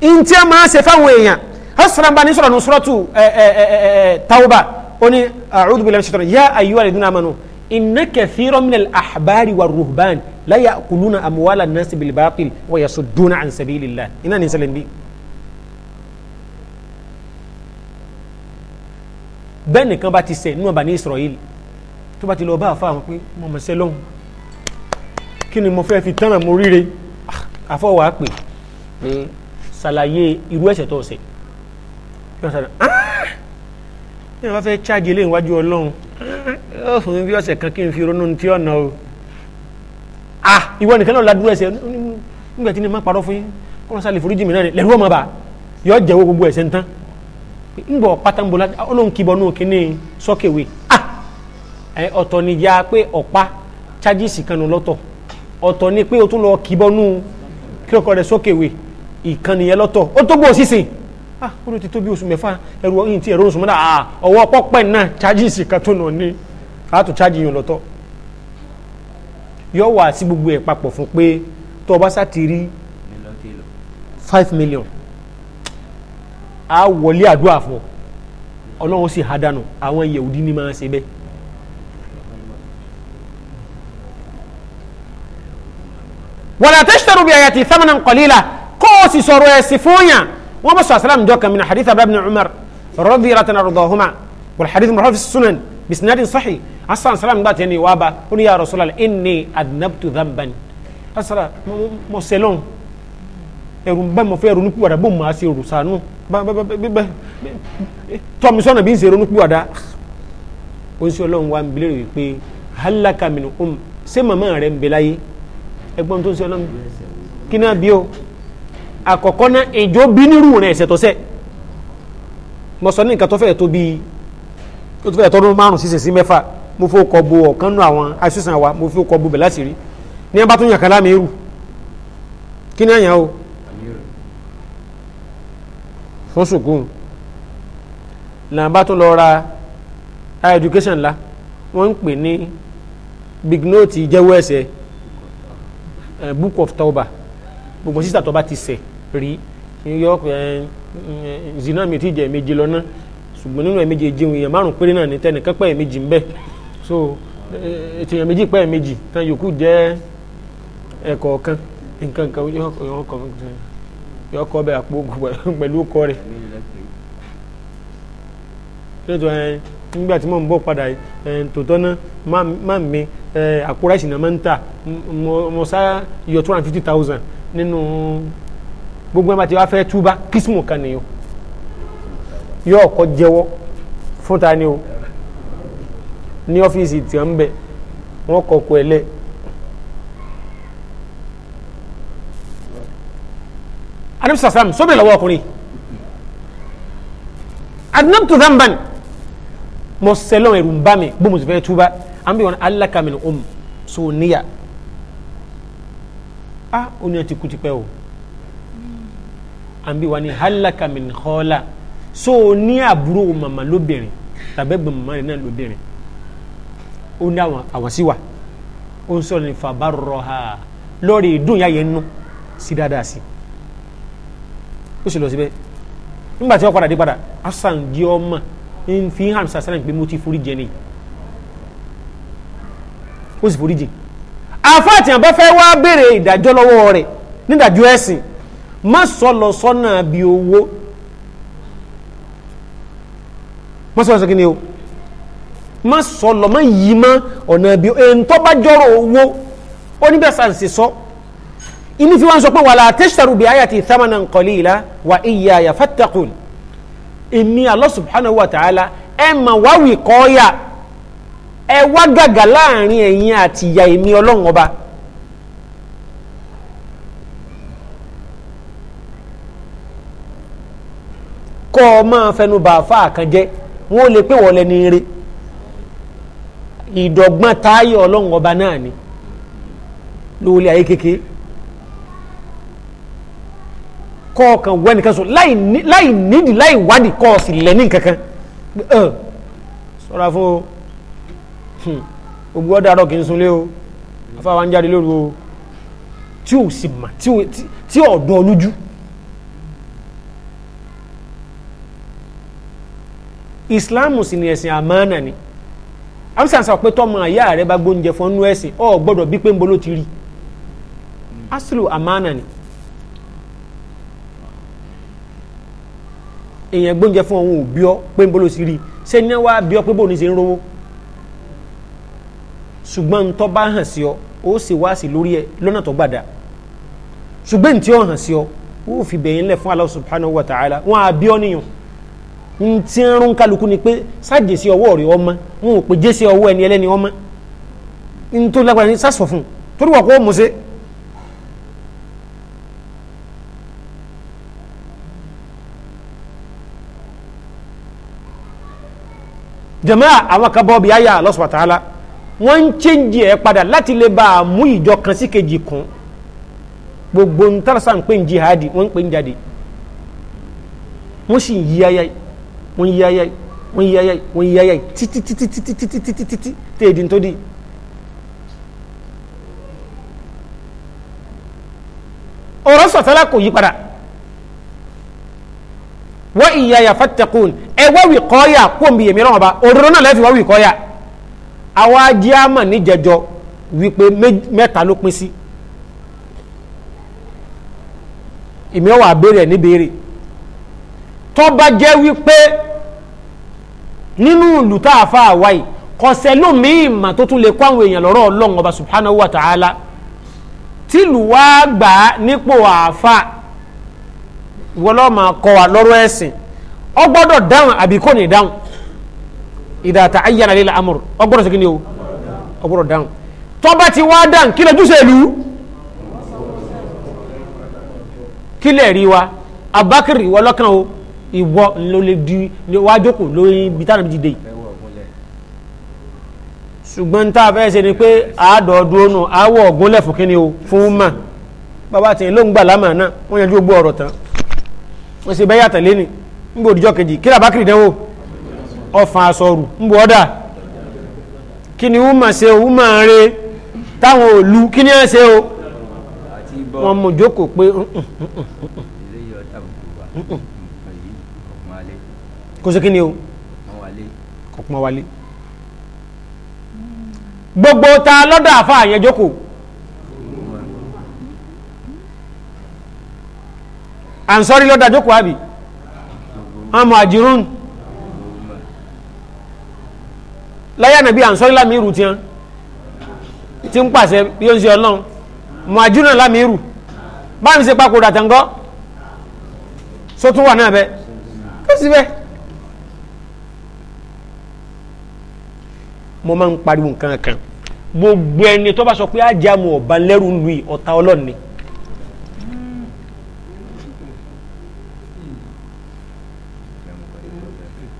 in tí a máa ṣe fáwọn èèyàn hasanaba ní sọ̀rọ̀ ní sọ́rọ̀tù tauba ó ní a'udhu billahi minash shaitani ya ayyuhal ladhina amanu inna kathiran minal ahbari war ruhban la ya'kuluna amwala an-nasi bil batil wa yasudduna an iná ní sẹ́lẹ̀ bíi bẹ́ẹ̀ nìkan bá ti ṣẹ̀ nínú ọba ní Israel tó bá ti lọ bá àfa àwọn pé mo mọ̀ ṣẹ́ lọ́hùn kí ni mo fẹ́ fi tánà mo ríre ah, àfọwọ́ àpè pé ṣàlàyé irú ẹ̀ṣẹ̀ tó ṣẹ̀ yọ sọ̀rọ̀ ní wọ́n ah, fẹ́ ṣáàjì ilé ìwájú Ọlọ́run ah, yóò fún mi bí ọ̀sẹ̀ kan kí n fi ronú tí ọ̀nà o ah ìwọ nìkan náà ládùúgbò ẹ̀ṣẹ̀ nígbà tí ní má parọ́ fún yín kọ́ńtà lè foríjì náà lẹ́rú ọmọ bá yọ jẹ́wọ́ gbogbo ẹ̀ṣẹ̀ ń tán ngbọ patambola Ọlọ́run kìbọ náà kíní sọkèwé ah ẹ eh, ọ̀tọ̀ ni ya pé ọ̀pá chájìsì kanu lọ́tọ̀ ọ̀tọ̀ ni pé o tún lọ kìbọ nù kíkọ rẹ sọkèwé ìkànnì yẹn lọ́tọ̀ ó tó gbọ sísìn ah ó ti tó bí oṣù mẹ́fà ẹrù ọyìn tí ẹrù oṣù mẹ́ta ah ọwọ́ pọpẹ náà chájìsì kan tó nà ní àtò chájì yẹn lọ́tọ̀ yọ wà sí gbogbo ẹ e papọ̀ fún pé tó o bá sá ti rí five million á wọlé àdúrà fún ọ ọlọ́run sì há dànù àwọn yẹ̀wùdí ni máa ń ṣe bẹ́ẹ̀. wọ́n àtẹ́sítẹ́rù bí ayàtì thamanan qalila kó o sì sọ̀rọ̀ ẹ̀sìn fún yàn wọ́n bá sọ àsàlámù jọ kàmínà hadith abdul umar radiyallahu anhuma wal hadith murhaf sunan bisnadin sahih asan salam gba tẹni wàá ba ó ní ya rasulullah inni adnabtu dhanban asala ẹ̀rù bá mọ̀ fẹ́ ronúpìwàdà bó máa ṣe rò sànú tọ́mi sọ́nà bí ń ṣe ronúpìwàdà ó ń ṣe ọlọ́run wa ń bilẹ̀ rẹ̀ pé hálàkà mi nìkún um- ṣé màmá rẹ̀ ń bẹ láyé ẹgbọ́n tó ń ṣe ọlọ́run kí náà bí o àkọ́kọ́ náà ìjọ bí nírú rẹ̀ ẹ̀sẹ̀ tọ́sẹ̀ mo sọ ní nǹkan tó fẹ́ẹ̀ tó bíi tó fẹ́ẹ̀ tọ́dún márùn sísè sí mẹ́fà mo fi kọ bo ọ̀kan nù àwọn aṣíṣàn wa mo fi kọ bo bẹ̀ láti rí ní ẹ bá tún yàn kan láàmì kí ni àyàn o fún sukùn làǹbá tó lọ ra higher education la wọ́n ń pè ní big note ìjẹ́wọ́ ẹ̀sẹ̀ book of tauba gbogbo sísà tó bá ti sẹ̀ rí yọ zina mi ti jẹ méje lọ náà ṣùgbọ́n nínú ẹ̀mejì jẹun èèyàn márùn péré náà ní tẹnìkan pẹ́ ẹ̀mejì ń bẹ so ètò èèyàn méjì pẹ́ ẹ̀mejì tán yòókù jẹ́ ẹ̀kọ̀ọ̀kan nǹkan kan yọ̀ọ̀kan yọ kọ bẹ àpò *laughs* pẹ̀lú kọ rẹ̀ lẹ́tọ̀ ẹ̀ nígbà tí mò ń bọ̀ padà ẹ̀ tòótọ́ náà má mi ẹ̀ àkúrà ìsìnà máa ń tà mo sá yọ two hundred fifty thousand nínú gbogbo ẹ̀ bá ti wá fẹ́ túbá kísímù kan nìyó yọ ọkọ jẹ́wọ́ fún ni o ní ọ́fíìsì tí wọ́n ń bẹ̀ wọ́n kọ̀ kọ́ ẹ̀ anabi sasam sóbìrì lọ́wọ́ ọkùnrin adinabtu zamban mo sẹlọn ẹrù ń bá mi bó mo sì fẹ́ an bí wọn alaka min um so níyà a ó ní ọtí kùtì pẹ́ o an bí wọn ni alaka min kọ́ọ́lá so ní àbúrò màmá mama tàbí ẹgbẹ́ màmá rẹ̀ náà lóbìnrin ó ní àwọn àwọ̀síwà ó ń sọ̀rọ̀ ní fàbárọ̀ ha lórí ìdúnyà yẹn nù sí dáadáa sí i ó sì lọ síbẹ̀ nígbà tí wọ́n padà dé padà asan di ọmọ fi hàn sàṣẹ́nà pé mo ti forí jẹ ni ó sì forí jẹ àfáàtì àbá fẹ́ wá béèrè ìdájọ́ lọ́wọ́ rẹ̀ nídàjọ́ ẹ̀sìn má sọ lọ sọ́nà bí owó má sọ lọ sọ kí ni o má sọ lọ má yí má ọ̀nà bí ẹ̀ ń tọ́ bá jọ́rọ̀ owó ó níbẹ̀ sàn sọ. So ìní fi wá ń sọ pé wàlá tẹ́sítàrú bí ayati thamanan qalila wà ìyá yà fattaqun ìní Allah subhanahu wa ta'ala ẹ mà wá wì kọ́ọ́yà ẹ wá gàgà láàrin ẹ̀yin àti ìyá èmi ọlọ́run kọ́ ọ máa fẹnu bá àfa àkànjẹ́ wọ́n lè pé wọ́n lẹ́ni eré ìdọ̀gbọ́n táyé ọlọ́run náà ni lórí ayé kékeré kọ́ọ̀kan wẹ́ nìkan so láì nídìí láì wádìí kọ́ sí lẹ́ní kankan sọ́ra fún o hmm. gbogbo ọ̀dà àrọ̀ kì í sunlé o afáwa ń jáde lóru o tí ò sì mà tí ọ̀dọ́ olójú ìsìláàmù sì ni ẹ̀sìn àmánà ni amsan sọ pé tọmọ àyà rẹ bá gbóúnjẹ fún ọ́nú ẹ̀sìn ọ̀ gbọ́dọ̀ bí pé ń bolo ti rí aslu àmánà ni. Mm. èèyàn gbóúnjẹ fún òun ò bí ọ pé ń bolo sí rí ṣé ní wàá bí ọ pé bò ní ṣe ń rówó ṣùgbọ́n ntọ́ bá hàn sí ọ ó sì wá sí lórí ẹ lọ́nà tó gbàdá ṣùgbọ́n ntí ọ hàn sí ọ ó fi bẹ̀yìn lẹ̀ fún Allah subhanahu wa ta'ala wọn á bí ọ níyàn ntí ń rún kálukú ni pé sájèsí ọwọ́ rẹ ọmọ wọn ò pè jésì ọwọ́ ẹni ẹlẹ́ni ọmọ ntó lágbára ní sásọ fún torí wà kó mọ̀ sí. jàmáà àwọn kan bọ́ bí àyà Allah subhanahu wa ta'ala wọ́n ń chẹ́ǹjì ẹ̀ padà láti lè bá a mú ìjọ kan sí kejì kún gbogbo ń tàrà sáà ń pè ń jihadi wọ́n ń pè ń jáde wọ́n sì ń yí ayáyí wọ́n yí ayáyí wọ́n yí ayáyí wọ́n yí ayáyí títí títí títí títí títí títí tí èdè tó di. ọ̀rọ̀ sọ̀tẹ́lá kò yí padà wọ́n ìyá ya fatakun ẹ wá wì kọ́yà kó mi yèmí rán ọba òdodo náà lẹ́fì wá wì kọ́yà àwa jíámà níjẹjọ wípé mẹ́ta ló pín sí ìmí ọ̀wà àbẹ̀rẹ̀ níbẹ̀rẹ̀ tọ́ba jẹ́ wípé nínú ìlú tá a fa àwa yìí mà tó tún lè kó àwọn èèyàn lọ́rọ̀ ọlọ́run ọba subhanahu wa ta'ala tìlù wá gbà nípò àáfàá ìwọlọ́ máa kọ́ wa lọ́rọ̀ ẹ̀sìn ọ gbọ́dọ̀ dáhùn àbí kò ní dáhùn ìdá ta ayé alẹ́ la amúr ọ gbọ́dọ̀ sẹ́kìnnì o ọ gbọ́dọ̀ dáhùn tọ́ba ti wá dáhùn kí lójú sẹ́lu kí lè rí wa abakiri ìwọlọ́kàn o ìwọ ló lè di wájókòó lórí ibi táwọn ibi dìde yìí ṣùgbọ́n tá a fẹ́ ṣe ni pé àádọ́ọ̀dúró nù àwọ̀ ọ̀gúnlẹ̀ fún kíni o fún mà bàbá àti ìlóǹgbà lámà náà wọ́n yanjú gbogbo ọ̀rọ̀ tán wọ́n ṣe bẹ́yà tẹ̀lé ni ń bò díjọ́ kejì kí làbákìrì dánwò ọ̀fàn àsọ̀rù ń bò ọ́dà kí ni wọ́n máa ṣe o wọ́n máa re táwọn òlu kí ni wọ́n ṣe o wọ́n mú jókòó pé mm, mm, mm, kò sí kí ni o kò pọ́n wálé gbogbo ta lọ́dọ̀ àfa àyẹn jókòó. ansọ́rí lọ́dà jókòó àbí àmọ́ àjírún láyé ànàbí ansọ́rí lámì irú tiẹ́ tí ń pàṣẹ bí ó ń ṣe ọlọ́run mọ̀ àjírún náà lámì irú báyìí mi ṣe papòdà tàǹgọ́ sótún wà náà bẹ́ẹ̀ kó sì bẹ́ẹ̀. mo máa ń pariwo nǹkan kan gbogbo ẹni tó bá sọ pé ajamu ọba lẹ́rù ń lu ọ̀tá ọlọ́ni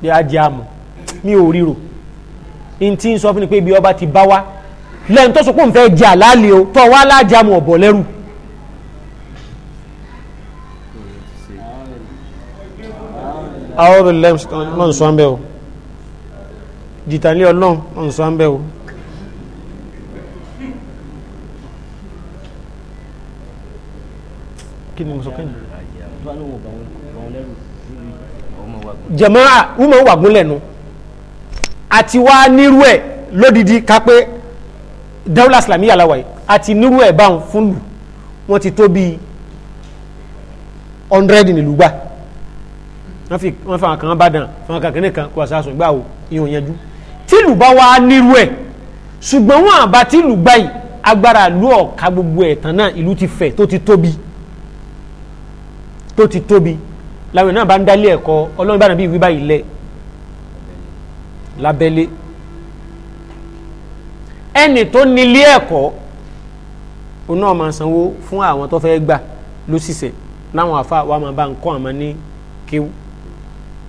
bí ajé àmọ̀ mi ò ríro n tí ń sọ fún mi pé ibi ọba ti bá wa lẹ́yìn tó sọ pé òun fẹ́ jẹ àlàálẹ̀ o tọ́ wa láàjẹ àmọ̀ ọ̀bọ̀ lẹ́rù. àwọn olùlẹ̀ náà ń sọ ń bẹ́ o jìtàlẹ́ ọlọ́run náà ń sọ ń bẹ́ o. kí ni mo sọ kẹ́yìn. jẹ̀mọ́ra wúmọ̀ wà gúnlẹ̀ nu àti wá nírú ẹ̀ lódìdí kápé dawla islamiyya la wà yìí àti nírú ẹ̀ báwọn fún lù wọ́n ti tó bíi hundred nílùú gbà wọ́n fi wọ́n fa àkàn bá dàn fún akàkẹ́ni kan kó àṣàṣùn ìgbà wo ìhùn yanjú tìlù bá wá nírú ẹ̀ ṣùgbọ́n wọn àbá tìlù gbà yìí agbára ìlú ọ̀ka gbogbo ẹ̀ náà ìlú ti fẹ̀ tó ti tóbi tó ti tóbi láwọn náà bá ń dálé ẹ̀kọ́ ọlọ́run bá nàbí ìwé báyìí lẹ̀ lábẹ́lé ẹni tó nílé ẹ̀kọ́ òun náà máa sanwó fún àwọn tó fẹ́ gbà ló ṣiṣẹ́ láwọn àfa wa máa bá nǹkan àmọ́ ní kéwú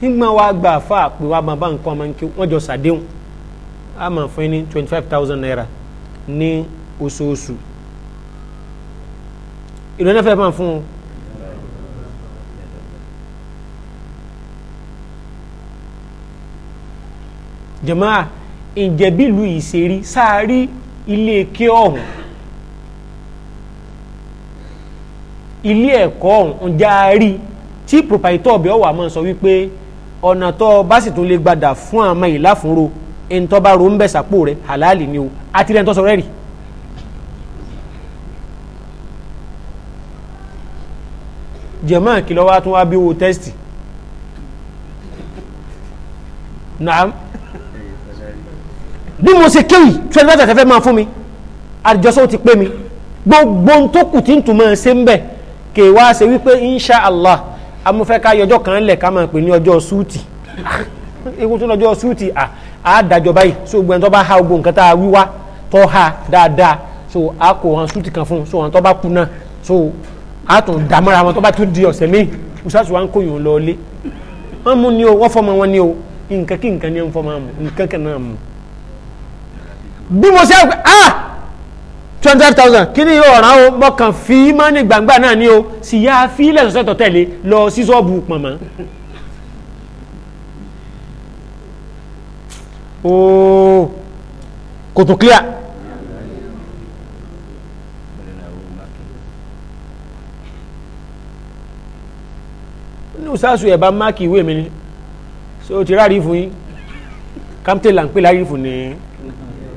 nígbà wa gba àfa pé wa máa bá nǹkan àmọ́ ní kéwú wọ́n jọ sàdéhùn a máa fún yín ní twenty five thousand naira ní oṣooṣù ìlú ẹ̀fẹ̀ máa fún un jàmáà ǹjẹ́ bílù ìṣerí sáárí ilé ké ọ̀hún ilé ẹ̀kọ́ ọ̀hún ǹjẹ́ a rí tí proprietor ọ̀bẹ ọ̀wà máa sọ wípé ọ̀nà tó bá sì tún lè gbadà fún àmọ́ ìláfúnro ẹ̀ńtọ́ bá ro ń bẹ̀ sápò rẹ̀ halali ni o àti ilé ẹ̀ńtọ́ sọ rẹ̀ rí. jàmáà kìlọ̀ wa tún wá bí wo tẹ́sítì bí mo ṣe kéwì twenty five thirty fẹ́ máa fún mi àjọsọ ti pé mi gbogbo tó kù tí n tún máa ṣe ń bẹ̀ kè wá ṣe wípé insha allah amúfẹ́ ká yọjọ́ kan lẹ̀ ká máa pè ní ọjọ́ suuti ewu tó lọ́jọ́ suuti àádájọ́ báyìí so gbogbo ẹni tó bá ha gbogbo nǹkan tá a wíwá tó ha dáadáa so a kò hàn suuti kan fún so hàn tó bá kú náà so a tún dàmúra wọn tó bá tún di ọ̀sẹ̀ míì usasuwa ń kóyún lọ ilé wọn mú ni o wọn fọmọ wọn ni o nǹkan kí nǹkan ni wọn fọmọ wọn nǹkan kan náà mú bí mo ṣe ah twenty five thousand kí ni ọ̀ràn o mo kàn fi mọ́nì gbàngbà náà ni o sì yá fílẹ̀ sọ́sẹ́ tó tẹ̀lé lọ sí ṣọ́ọ̀bù pọ̀nmọ́. ooo kò tó clear. nínú sáàsù ẹ̀ bá máàkì ìwé mi ni so ti ráàrí fún yín kámtẹ́là ń pè láàrí fún ni.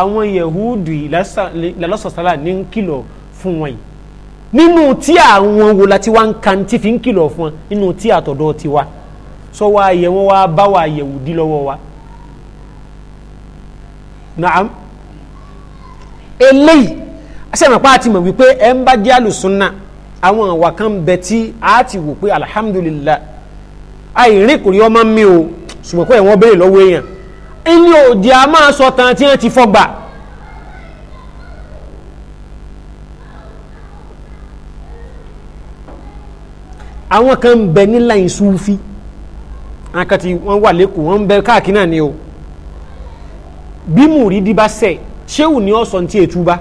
àwọn yahudu lọ́sọ̀sálà ní ń kìlọ̀ fún wọn yìí nínú tí àwọn wo láti wá ń kan tí fi ń kìlọ̀ fún wọn nínú tí àtọ̀dọ̀ ti wá sọ wá yẹ wọn wá bá wà yahudi lọ́wọ́ wa naam eléyìí asẹ́nàpá àti mọ̀ wípé ẹ ń bá jẹ́ àlùsùnà àwọn àwa kan bẹ tí a ti wò pé alihamudulilayi àìrìn kò rí ọmọ mi o ṣùgbọ́n pé wọ́n béèrè lọ́wọ́ èèyàn ilé òdì a máa sọ tán tí wọ́n ti fọgbà. àwọn kan ń bẹ nílà ìsúfí àwọn kan tí wọ́n wà lẹ́kọ̀ọ́ wọ́n ń bẹ káàkiri náà ni o bí mùrídìí bá sẹ̀ ṣéwù ni ó sọ ní tí ètú bá.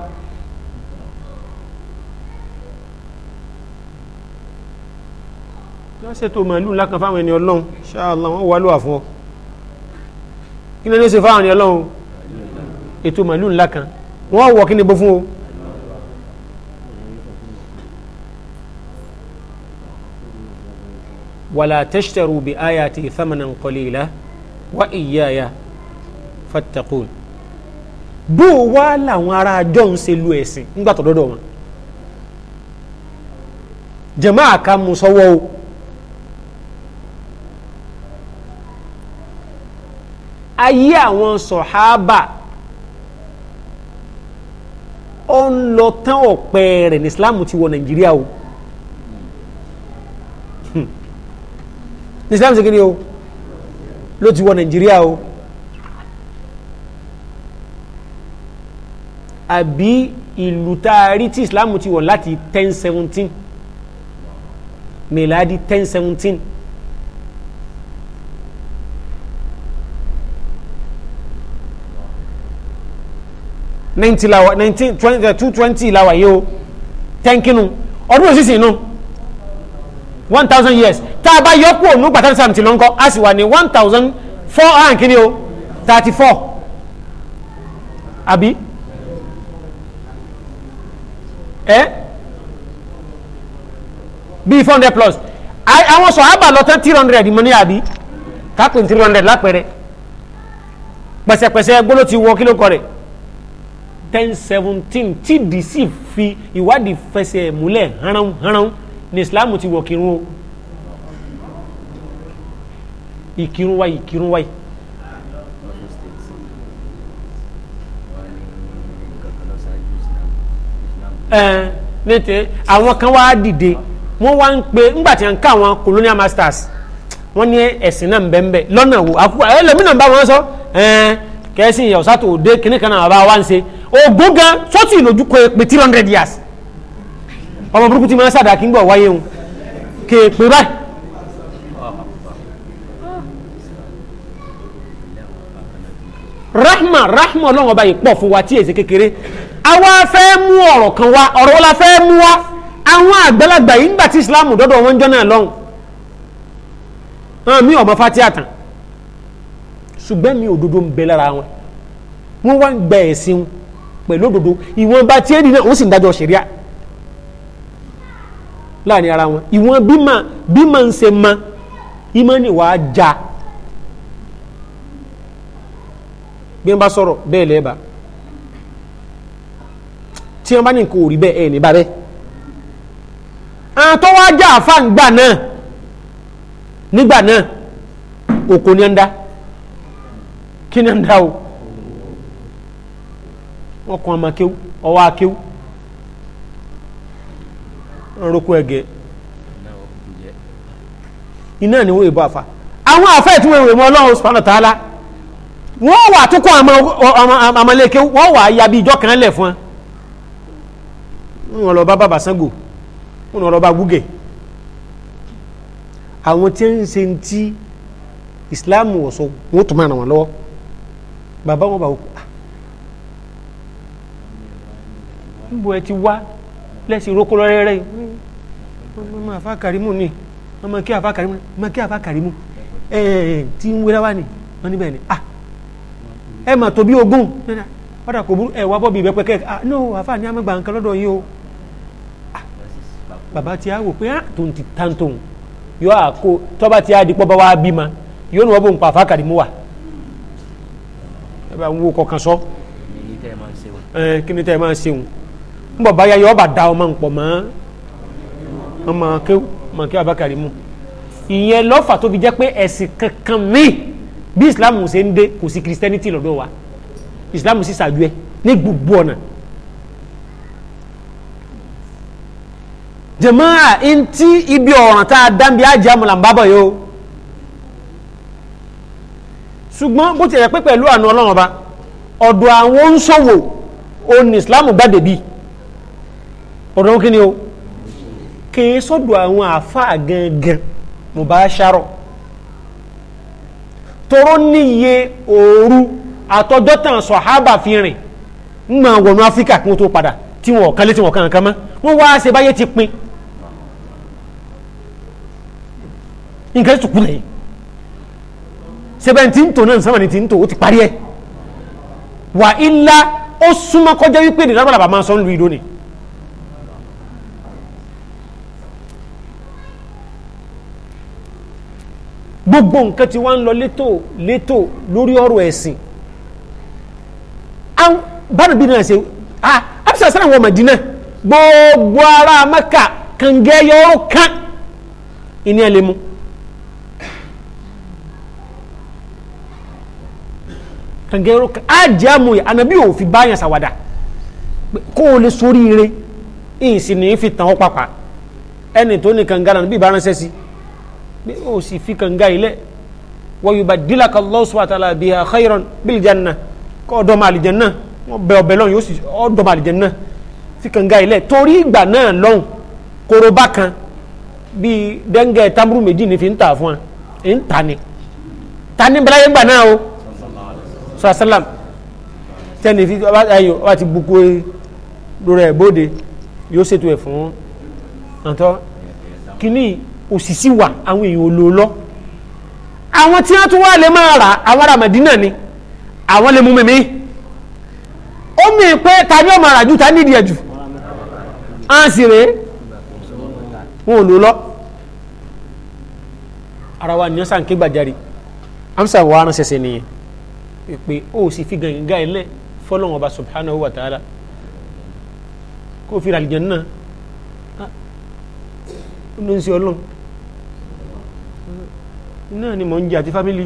lọ́sẹ̀ tó màálù ńlá kan fáwọn ẹni ọlọ́run ṣáà Allah wà lóhà kí ló dé ṣe fáwọn ènìyàn lọ́hùn ètò màálù ńlá kan wọ́n wọ̀ kí ni bó fún o. wàlà tẹ́sítẹ́rù bí àyà ti thamanan qalila wá ìyáyà fattaqun bó wá làwọn ará àjọ ń ṣe lu ẹ̀sìn nígbà tó dọ́dọ̀ wọn jẹ̀máà ká mu sọ́wọ́ o. ayé àwọn sọ̀hábà ó ń lọ tán ọ̀pẹ rẹ̀ ní islam ti wọ nàìjíríà o hmm. ní islam ti kí o ló ti wọ nàìjíríà o àbí ìlú tá a rí tí islam ti wọ̀ láti ten seventeen miladi ten seventeen nineteen lawa nineteen twenty two twenty lawa yìí o ten kinu ọdún òsìsì inú one thousand years tá a bá yọ kúrò ní gbàtà sàm tí ló ń a sì wà ní one thousand four hàn ah, kí ni o thirty four àbí ẹ bíi four hundred plus àwọn sọ̀hábà lọ tán three hundred mọ́ ní àbí kápẹ́ three hundred lápẹ̀rẹ̀ pẹ̀sẹ̀pẹ̀sẹ̀ gbóló ti wọ kí ló kọ rẹ̀ ten seventeen tí dc fi ìwádìí fẹsẹ̀ múlẹ̀ hánrán hánrán ní islam ti wọ̀ kírun o ìkírun wáyé ìkírun wáyé. ẹn ní tẹ àwọn kan wá dìde wọ́n wá ń pe ńgbà tí wọ́n ń ká àwọn colonial masters wọ́n ní ẹ̀sìn náà ń bẹ́ẹ̀ ń bẹ́ẹ̀ lọ́nà wo àkókò ẹlẹ́mìnà ń bá wọn sọ ẹn kẹ́sìn ìyàwó sátò òde kínní kan náà bá wá ń ṣe ogún gan sọ́tì ìlójú kò pé three hundred years ọmọ burúkú ti máa ń sàdá kí n gbọ̀ wáyé wọn kè é pé báyìí. rahma rahma ọlọ́run ọba yìí pọ̀ fún wa tí èsì kékeré àwa fẹ́ mú ọ̀rọ̀ kan wa ọ̀rọ̀ la fẹ́ mú wa àwọn àgbàlagbà yìí ń gbà tí islam dọ́dọ̀ wọn jọ náà lọ́hùn. mi ò mọ fatia tán ṣùgbọ́n mi òdodo ń bẹ lára wọn wọ́n wá ń gba ẹ̀sìn pẹ̀lú òdodo ìwọ̀nba tí èdè náà ó sì ń dájọ́ ṣẹ̀ríà láàrin ara wọn ìwọ̀n bímọ bímọ ń ṣe mọ ìmọ̀ ni wàá já bí wọ́n bá sọ̀rọ̀ bẹ́ẹ̀ lẹ́ẹ̀bà tí wọ́n bá ní nǹkan ò rí bẹ́ẹ̀ ẹ̀ ní bàbẹ́ àwọn tó wá já àfa nígbà náà nígbà náà òkò ni ó ń dá kí ni ń dá o wọn kàn máa kéwú ọwọ́ akéwú roko ẹ̀gẹ́ iná ni wọ́n èbó àfa àwọn àfẹ́ tí wọ́n èwè mọ́ ọlọ́run subhanahu wa ta'ala wọ́n wà tó kọ́ àmàlẹ́kẹ́ wọ́n wà yabi ìjọ kan lẹ̀ fún wọn lọ bá bàbá Ṣàngó wọn lọ bá gúgẹ̀ àwọn tí ń ṣe ti ìsìláàmù ọ̀sọ̀ wọ́n tún máa ràn wọ́n bàbá wọn bá wò ń ah. bo ẹ ti wá lẹ́sìn roko lọ́rẹ́rẹ́ yìí ọmọ àfa kàrímù ni ọmọ kí àfa kàrímù ọmọ kí àfa kàrímù ẹ̀ẹ́ tí ń wéra wá ni wọ́n níbẹ̀ ni ah ẹ mà tó bí ogún ọ̀dà kò burú ẹ̀ wá bọ́ bí ibẹ̀ pẹ́kẹ́ ah no àfa ni amẹ́gbà nǹkan lọ́dọ̀ yìí o ah. bàbá tí a wò pé ah tòun ti tán tòun yọ àkó tọ́ba tí a di pọ́ bá wá bí ma yóò ní wọ́n bò ń pa àfa kàrímù wà ẹ bá ń wo kọkàn sọ ẹ kí ni tẹ́ ẹ máa ṣe wọn ń bọ̀ báyà yọ ọba da ọmọ nǹpọ̀ mọ́ ọmọ kéw ọmọ kéw abakari mu ìyẹn lọ́fà tó fi jẹ́ pé ẹ̀sìn kankan míì bí islam ṣe ń dé kò sí christianity lọ́dọ̀ wa islam sì ṣáájú ẹ ní gbogbo ọ̀nà. jẹ̀mọ́ à ń tí ibi ọ̀ràn tá a dábìá jẹ́ àmọ̀làǹbábọ̀ yìí o ṣùgbọ́n bó ti yẹ pé pẹ̀lú àánú ọlọ́run ọba ọ̀dọ̀ àwọn oníṣòwò òun islam gbàdé bíi ọ̀dọ̀ wọn kí ni o kì í sọ́dọ̀ àwọn àáfàá gangan mo bá ṣàrọ̀ tọrọ níye òru àtọjọ́ tàn sọ̀hábà fi rìn ń mọ wọnú áfíríkà kí wọ́n tó padà tí wọ́n kan létí wọ́n kan kan mọ́ wọ́n wá ṣe báyé ti pin nǹkan tó kú lẹ́yìn sẹ́bẹ̀ tí ń tò náà sábà ní ti ń tò ó ti parí ẹ̀ wà ilá ó súnmọ́ kọjá wípé ní lábàlàbà máa sọ ń lu ìdó ni. gbogbo nǹkan tí wọ́n ń lọ létò létò lórí ọ̀rọ̀ ẹ̀sìn bára bí náà ṣe ah abisa sara wọ Madina gbogbo ara Maka kàngẹ́ yọrọ kan ìní ẹ̀ lè mú. kàngẹ́rọ ajamu anabi ò fi báyàn sàwádà kó o lè sórí ire ìyìn sì ní fi tàn ọ́ pàpà ẹni tó ní kànga náà bí ìbára ṣe sí bí o sì fi kànga ilẹ̀ wa yubaddilaka Allahu subhanahu wa ta'ala biha khayran bil janna kọ́ ọ̀dọ́mọ àlìjẹ́nà wọ́n bẹ ọbẹ̀ lọ́hùn yóò sì ọ̀dọ́mọ àlìjẹ́nà fi kànga ilẹ̀ torí ìgbà náà lọ́hùn koroba kan bíi dẹ́ngẹ́ tamuru méjì ní fi ń tà fún wa ń tà ní tani bẹ́lá yẹn gbà náà o sàlám tẹ́ni tí ọba ti buku rẹ̀ bóde yóò ṣètò ẹ̀ fún àtọ́ kìíní òṣìṣì wà àwọn èèyàn olóòlọ́ àwọn tí wọ́n tún wá lè máa rà àwọn ará ni àwọn lè mú mímí ó mì pé ta ni ó máa rà jù ta nídìí ẹ̀ jù á sì rèé wọn ò lòó ara wa ni ó sàn ké amsa wa ránṣẹṣẹ nìyẹn pé ó sì fi gàngán ẹlẹ́ fọlọ́wọn ọba subhanahu wa ta'ala kó fi ràlìjẹ náà ah, ló ń ṣe ọlọ́run náà ni mò ń jẹ àti fámìlì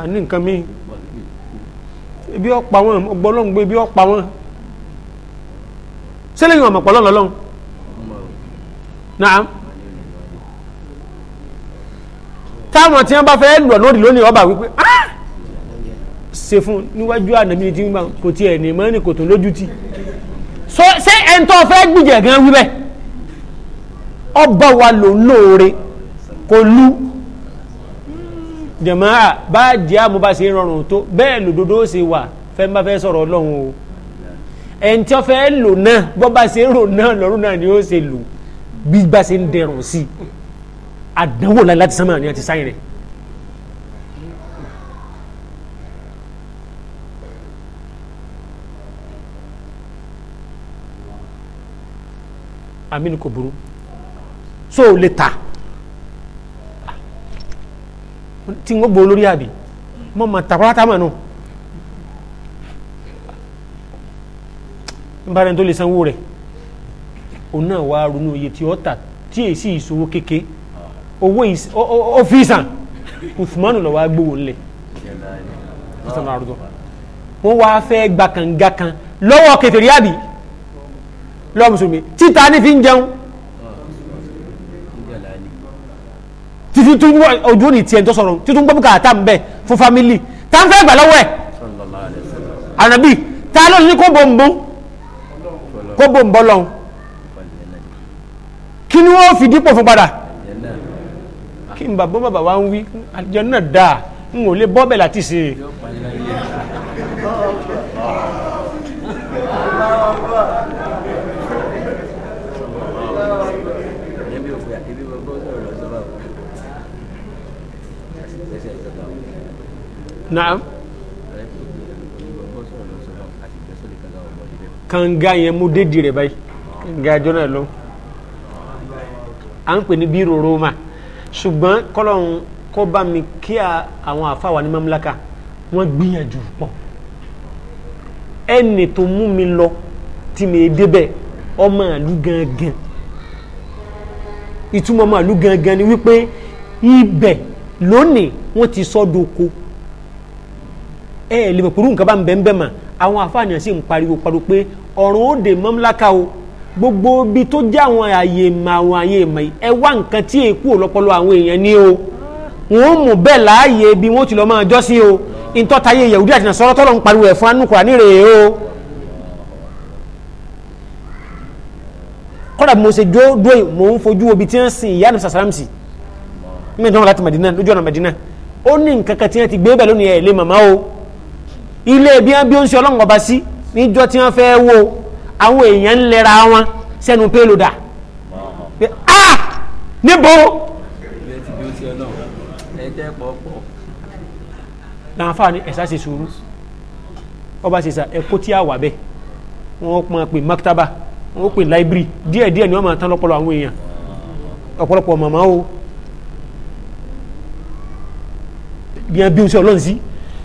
àní nǹkan mi ebi ọ̀pá wọn ọgbọ́lọ́ngbé ebi ọ̀pá wọn sẹ́lẹ̀ yìí wọn mọ̀pọ̀ lọ́lọ́lọ́run naam táwọn tí wọn bá fẹ́ lọ lórí lónìí ọba wípé ah ṣe fún níwájú ànàbí tí wọn kò tiẹ̀ ní mọ́ ní kò tó lójú tì so ṣé ẹ̀ńtọ́ fẹ́ gbìjẹ̀ gan wíbẹ̀ ọba wa ló ń lóore kò lu jẹ̀mọ́ra bá jẹ́ àmúbá ṣe rọrùn tó bẹ́ẹ̀ lòdodo ṣe wà fẹ́ bá fẹ́ sọ̀rọ̀ ọlọ́run o ẹ̀ńtọ́ fẹ́ lò náà bọ́ bá ṣe rò náà lọ́rùn náà ni ó ṣe lò bí bá ṣe ń dẹrùn sí i àdánwò láti sánmà ni a ti rẹ̀ aminu kò burú so o lè ta tí n ó gbọ́ lórí àbí mo mà ta pátá mà nù n bá rẹ̀ tó lè sanwó rẹ̀ o náà wàá ronú iye tí ó tà tí èsì ìṣòwò kéke owó ọfíìsàn Uthmanu lọ wàá gbowó ńlẹ̀ wọ́n wàá fẹ́ gbàkàngàkàn lọ́wọ́ kẹfẹ́rí àbí lọ́wọ́ mùsùlùmí títa ní fi ń jẹun títí tún ojú ní tiẹ̀ tó sọ̀rọ̀ títún gbọ́ bùkátà ń bẹ̀ fún fámìlì tá ń fẹ́ gbà lọ́wọ́ ẹ̀ ànàbí tá ló ní kó bòǹbò kó bòǹbò lọ́hùn kí ni wọ́n fi dípò fún padà kí n bàbá bàbá wa ń wí àjọ náà dáa n ò lè bọ́ bẹ̀ láti ṣe naam kànga yẹn mo dédì rẹ̀ báyìí kànga jọ́nà lọ à ń pè ní bírò roma ṣùgbọ́n kọ́lọ́hún kọ́ bá mi kí àwọn àfáwà ní mamlaka wọ́n gbìyànjú pọ̀ ẹnì tó mú mi lọ tí mi débẹ̀ ọmọ àlú gangan ìtumọ̀ ọmọ àlú gangan ni wípé ibẹ̀ lónìí wọ́n ti sọ́dọ̀ oko. So ẹ ẹ lè mọ̀ pẹ̀lú nǹkan bá ń bẹ̀ ń bẹ̀ mà àwọn àfààní sì ń pariwo pariwo pé ọ̀run ó dè mọ́mláka o gbogbo ibi tó jẹ́ àwọn àyè mà àwọn àyè mà yìí ẹ wá nǹkan tí èkú ọlọpọlọ àwọn èèyàn ní o wọn ó mú bẹ́ẹ̀ láàyè bí wọ́n ti lọ́ máa jọ́sìn o ìtọ́tayé yẹ̀wùdí àti nàṣọ́rọ́ tọ́lọ́ ń pariwo ẹ̀ fún anúkùrà nírèé o. kọ́dà mo ṣe jó dóyè mò ń fojú obi tí wọ́n sin ìyá àdùnsà sàrámsì mẹ́tọ́ wọn láti Madina lójú ọ̀nà Madina ó ní nǹkan kan tí wọ́n ti gbé bẹ́ẹ̀ lónìí ẹ̀ lé màmá o ilé bí wọn bí ó ń ṣe ọlọ́run ọba sí níjọ́ tí wọ́n fẹ́ wo àwọn èèyàn ń lẹ́ra wọn sẹ́nu pélòdà a ah! níbo. làǹfà ni ẹ̀sà ṣe sùúrù ọba ṣe sà ẹ̀kọ́ tí a wà bẹ́ẹ̀ wọ́n pọn pé maktaba wọ́n pè láìbírì díẹ̀díẹ̀ ni wọ́n máa tán lọ́pọ̀lọpọ̀ àwọn èèyàn ọ̀pọ̀lọpọ̀ màmá o bí wọn bí ó ṣe ọlọ́run sí.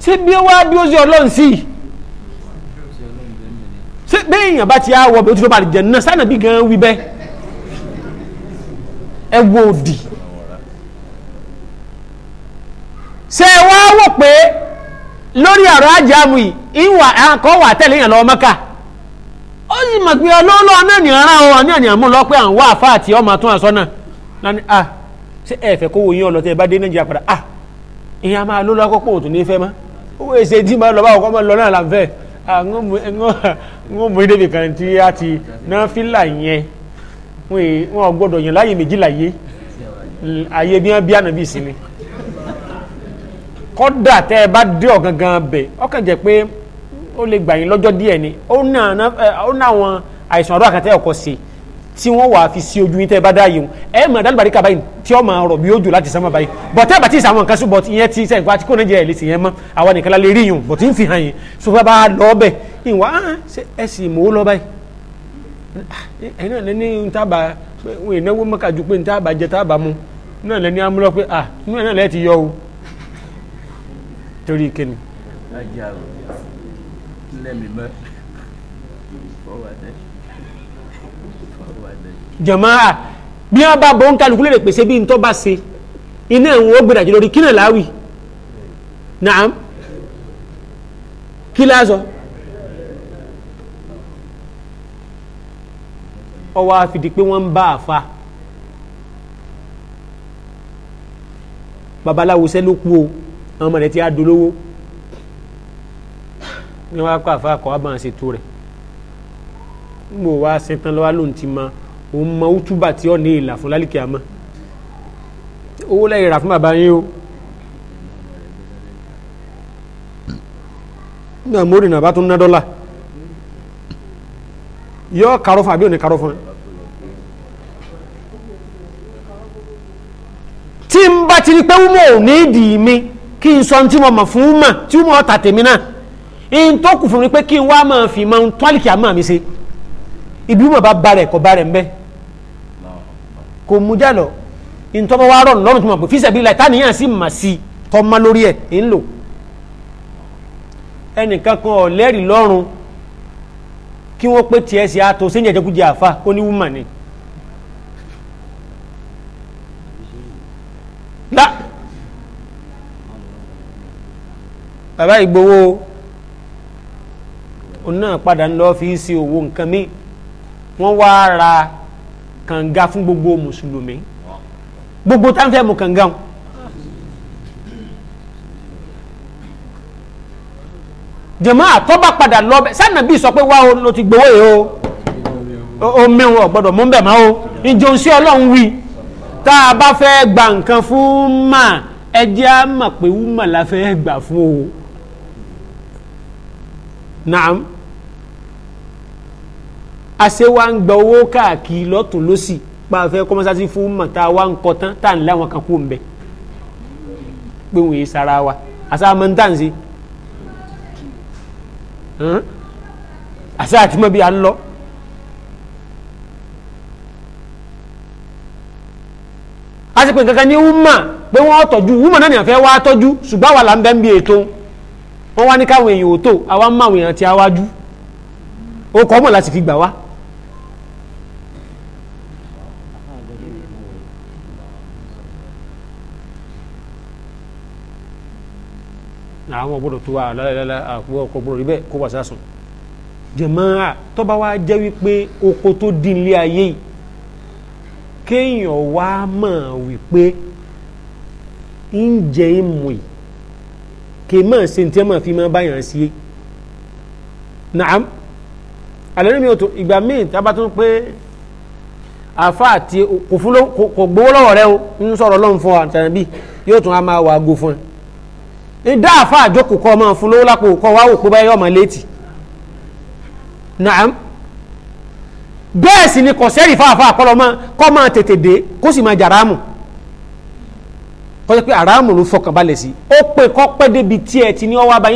ṣé bí ó wá bí ó ṣe ọlọ́run sí i ṣé bí èèyàn bá ti àwọ̀ bí ó ti lọ́ọ́ bá lè jẹ náà sáà nàbí gan wí bẹ́ẹ̀ ẹ wo òdì ṣé ẹ wá wò pé lórí àrò ajámu yìí ìwà àkọ́ wà tẹ̀lé yàn lọ́wọ́ ó sì mọ̀ pé ọlọ́ọ̀lọ́ náà ní ara wọn ní àní àmú lọ́pẹ́ àwọn àfa àti ọmọ àtún àṣọ náà ṣé ẹ fẹ́ kówó yín bá dé nàìjíríà padà ìyá máa ló lọ́kọ́ owó èsè tí máa lọ báwọn kọ́ máa lọ náà láǹfẹ́ ń ó mú débi kan tí a ti náà fílà yẹn wọn gbọ́dọ̀ yàn láàyè méjìlá yé ayé bí wọn bí ànábì sí ni kọ́dà tẹ́ ẹ bá dé ọ̀gangan bẹ̀ ọkàn jẹ́ pé ó lè gbà yín lọ́jọ́ díẹ̀ ni ó náà àwọn àìsàn ọ̀rọ̀ àkàtẹ́ ọkọ̀ sí i tí wọ́n wà fi sí ojú yín tẹ́ bá dá yìí ẹ mọ̀ dálùbárí kaba yìí tí ọ máa rọ̀ bí ó jù láti sánmọ̀ báyìí bọ̀tẹ́ bàtí ìsàmọ̀ nǹkan sùn bọ̀tí ìyẹn ti sẹ́yìn pa tí kò ní jẹ́ ẹ̀ lè sì yẹn mọ́ àwa nìkan la lè rí yìí bọ̀tí ń fi hàn yìí sọfẹ́ bá lọ ọbẹ̀ ìwà ah, ẹ sì mò ó lọ báyìí ah, ẹ̀yin náà lẹ́ni ntaba ìnáwó mọ́ka ju pé ntaba jẹ taba mu ah, náà lẹ́ni amúlọ pé à inú jàmáà bí wọn bá bọ ń kálukú lè pèsè bí ntọ́ bá ṣe iná ìwọ̀n ó gbèdàjọ lórí kí náà láwì naam kí láàzọ ọwọ́ àfìdí pé wọ́n ń bá àfa babaláwo sẹ́ ló kú o àwọn ọmọ rẹ̀ ti á dolówó ni wọ́n á kọ́ àfa kọ́ abáhàn ṣètò rẹ̀ ń bò wá ṣetán lọ́wọ́ lóun ti máa òun mọ útúbà tí ọ ní ìlà fún lálìkì àmọ́ owó lẹ́yìn rà fún bàbá yín o náà mórí nàbá tó ń ná dọ́là yọ kàrọ fún àbí òní kàrọ fún tí n bá ti rí pé wúmọ̀ ò ní ìdì mi kí n sọ tí mo mọ̀ fún wúmọ̀ tí wúmọ̀ ọ̀tà tèmi náà n tó kù fún mi pé kí n wá máa fi máa ń tọ́lìkì àmọ́ mi ṣe ibi wúmọ̀ bá ba rẹ̀ kọ́ ba rẹ̀ ń kò mú jà lọ ntọ́ba wa rọ̀ lọ́rùn tó mọ̀ pé fíṣẹ̀ bí la ìtànìyàn sì mà sí tọ́ ma lórí ẹ̀ ń lò ẹnìkan kan ọ̀ lẹ́rìí lọ́rùn kí wọ́n pé tiẹ̀ sí ato sẹ́yìn ẹ̀jẹ̀kújẹ àfa ó ní wúmà ni. la bàbá Ìgbòho òun náà padà ń lọ fi ṣe òwò nǹkan mi wọ́n wá ra kànga fún gbogbo mùsùlùmí gbogbo tá n fẹ́ mu kànga o. jẹ̀mọ́ àtọ́ba padà lọ bẹ́ẹ̀ sanni bí sọ pé wá o ló ti gbowó yìí o omi wọn gbọ́dọ̀ mú bẹ̀ máa o ìjọ sí ọlọ́run wí tá a bá fẹ́ gba nǹkan fún mà ẹ jẹ́ á mọ̀ pé wúmà la fẹ́ gbà fún o. naam àṣẹ wa ń gba owó káàkiri lọ́tún lọ́sì pa afẹ́ kọ́mọ́sáàtì fún mọ̀tá wa ń kọ́ tán tá à ń láwọn kan kú ń bẹ pé wọ́n yé e sara wa àṣà àmọ́ ń tà ń ṣe àṣà àtìmọ́ bí a ń lọ. a ti pè kankan ní wúmà pé wọ́n tọ́jú wúmà náà ní àfẹ́ wá tọ́jú ṣùgbọ́n àwa là ń bẹ́ ń bí ètò wọ́n wá ní káwọn èèyàn ò tó àwa ń máwọn èèyàn ti àwájú ó kọ́ mọ̀ láti fi gbà wá. àwọn ọgbọ́dọ̀ tó wà lálẹ́lálẹ́ àpò ọgbọ́dọ̀ ríbẹ̀ kó wà sásùn jẹ̀mọ́ra tó bá wá jẹ́ wípé oko tó di ilé ayé yìí kéèyàn wá mọ̀ wípé ń jẹ́ ìmù yìí kì í mọ̀ ṣe ní tí wọ́n fi máa báyàn sí i naam àlẹ́rí mi ò tó ìgbà míì tábà tó pé àfa àti kò gbowó lọ́wọ́ rẹ o ń sọ̀rọ̀ lọ́n fún ọ yóò tún á máa wàá go fún ẹ ìdá àfa àjókòó kọ́ máa fún lówó lápò kọ́ wá òpó báyọ̀ ọmọ létí naam bẹ́ẹ̀ sì ni kọ̀sẹ́rì fáfá kọ́ máa tètè dé kó sì máa jàrámù kọjá pé àràmù ló fọkàn balẹ̀ sí ó pè kọ́ pẹ́ débi tí ẹ ti ní ọba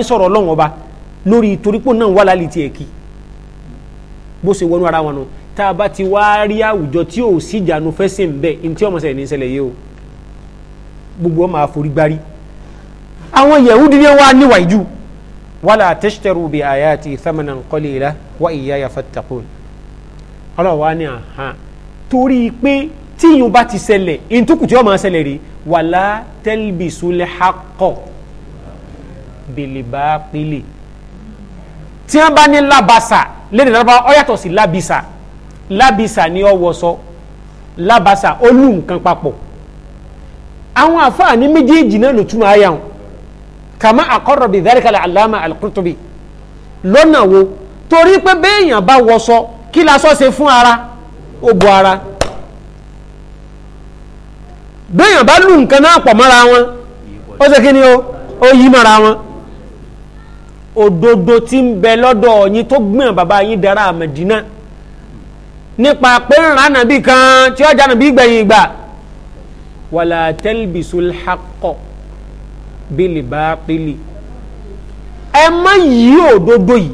lórí torípò náà wà kí bó ṣe wọnú ara wọn nù ti wá rí àwùjọ tí ò sí ìjànú ń bẹ́ẹ̀ ní tí ọmọ àwọn yahudi ni wọ́n á níwà ìjú wala tashtaru bi ayati thamanan qalila wa iyaya fattaqun ọlọ́wọ́ á ní àhán torí pé tíyùn bá ti ṣẹlẹ̀ ìtukù tí ó máa ṣẹlẹ̀ rí wala talbisul haqqa bil batili tí wọ́n bá ní labasa lédè lọ́ba ó yàtọ̀ sí labisa labisa ni ó wọṣọ labasa ó lù nǹkan papọ̀ àwọn àfáà ní méjèèjì náà ló túmọ̀ kàmá àkọ́rọ̀ bíi dárìkà àlámà al-Qurtubi lọ́nà wo torí pé béèyàn bá wọṣọ kí la sọ ṣe fún ara ó bu ara béèyàn bá lù nǹkan náà pọ̀ mọ́ra wọn ó ṣe kí ni o ó yí mọ́ra wọn òdodo tí ń bẹ lọ́dọ̀ yín tó gbìyàn bàbá yín dára àmọ̀dínà nípa pé ńlá nàbí kan tí ọjà nàbí gbẹ̀yìn ìgbà wàlà talbisul haqq bílì bá pélì ẹ má yí òdodo yìí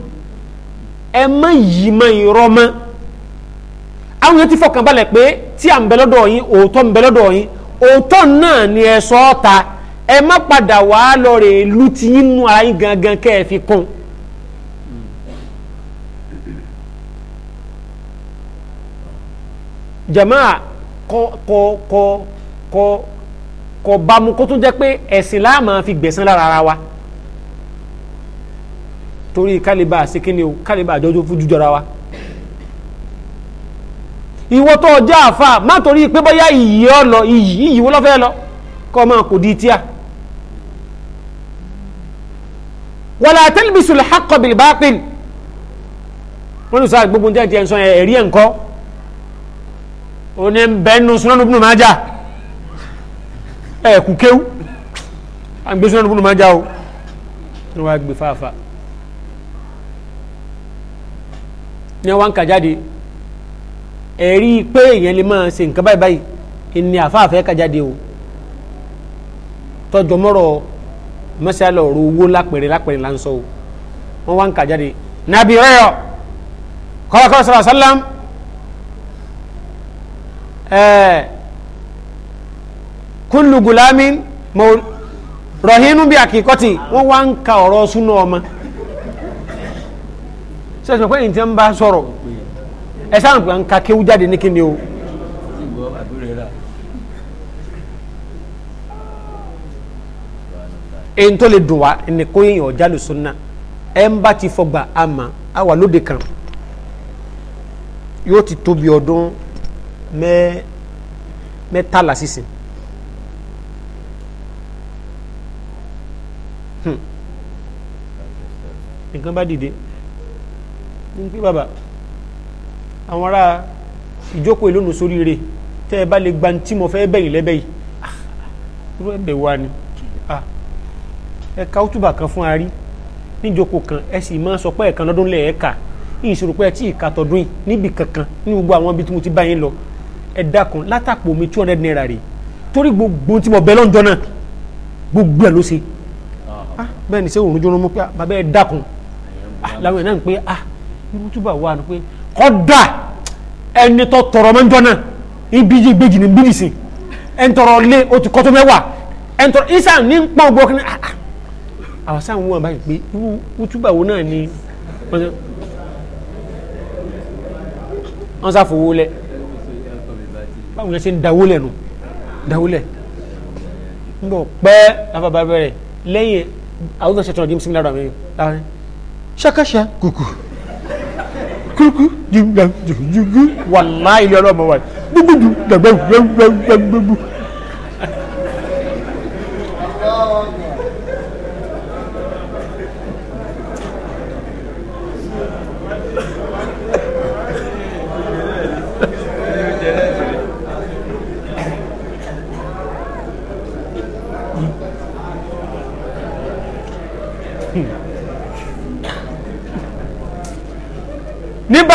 ẹ má yí má irọ́ mọ́ àwọn yẹn ti fọkàn balẹ̀ pé tí à ń bẹ lọ́dọ̀ yín òótọ́ ń bẹ lọ́dọ̀ yín òótọ́ náà ni ẹ sọ ọ́ ta ẹ má padà wá lọ rè lu ti yín nu ara gangan kẹ́ ẹ fi kún. jamaa kọ kọ kọ kọ kò bá mu kó tún jẹ́ pé ẹ̀sìn la máa fi gbẹ̀san lára ara wa torí kálíbà síkínni o kálíbà àjọjọ fún jújọra wa ìwọ tó ọjọ́ àfa má torí pé bóyá ìyí ọ ìyí ìyí wọ́n lọ́fẹ́ lọ kọ́ máa kò di tíà wala talbisul haqqa bil batil wọ́n ní sáà gbogbo ní tẹ́tí ẹ̀ ń sọ ẹ̀rí ẹ̀ ń kọ́ ó ní bẹ́ẹ̀ nù Sunan Ibn Majah ẹ̀kú kéwú àgbésí náà nìkúnnù máa já o ní wàá gbé fàáfà ní wàá ń kà jáde ẹ̀rí pé èèyàn lè máa ṣe nǹkan báyìí báyìí ìní àfáàfẹ́ kà jáde o tọjọ mọ́rọ̀ mọ́sálọ̀ ọ̀rọ̀ owó lápẹ̀rẹ̀ lápẹ̀rẹ̀ là ń sọ o wọ́n wá ń kà jáde nàbí rẹ́yọ̀ kọ́lọ́kọ́ sọ̀rọ̀ sálám ẹ̀ẹ́. kúlù gùlámì rọ̀hínú bí àkíkọ́tì wọ́n wá ń ka ọ̀rọ̀ súnú ọmọ sẹ́sìn pé ìtẹ́ ń bá sọ̀rọ̀ ẹ sáà ń ka kéwú jáde ní kíni o. èyí tó lè dùn wá ẹni kó yẹn ọ̀já lè sunna ẹ ń bá ti fọgbà àmà àwà lóde kan yóò Hmm. nǹkan bá dìde ní pé bàbá àwọn ará ìjókòó ìlónù sórí rẹ̀ tẹ́ ẹ bá lè gba tí mo fẹ́ bẹ̀yìn lẹ́bẹ̀ yìí ah, irú ẹ̀bẹ̀ wa ni ah, ẹ ka útùbà kan fún arí níjókòó kan ẹ sì máa sọ pé ẹ̀kan lọ́dún lẹ̀ ẹ̀ kà ní ìṣòro pé ẹ tí ì ka tọdún yìí níbi kankan ní gbogbo àwọn ibi tí mo ti bá yín lọ ẹ dákun látàpọ̀ mi two hundred naira rèé torí gbogbo tí mo bẹ lọ́njọ́ náà gbogbo ẹ̀ ló ṣe Ah, bẹ́ẹ̀ ni ṣé òun jóná mú pé ah, bàbá ẹ dákun ah, làwọn èèyàn pé ah irú túbà wà ní pé kọ́dà ẹni tó tọrọ mọ́ jọ náà ibi yìí gbèjì ní bílì sí ẹni tọrọ lé o ti kọ́tọ́ mẹ́wàá ẹni tọrọ isa ní ń pọ́n gbọ́ kí ah àwọn sáà ń wọ́n báyìí pé irú túbà wo náà ni wọ́n sá fowó lẹ̀ báwo ni ṣe ń dawó lẹ̀ nù dawó lẹ̀ ń bọ̀ pẹ́ afábàbẹ̀rẹ̀ lẹ́yìn a'udhu shaitan rajim similar rami láàrin ṣàkàṣà kùkù kùkù jùgbà jùgbù wàlá ilé ọlọ́mọ wa gbogbo dùgbà gbogbo gbogbo.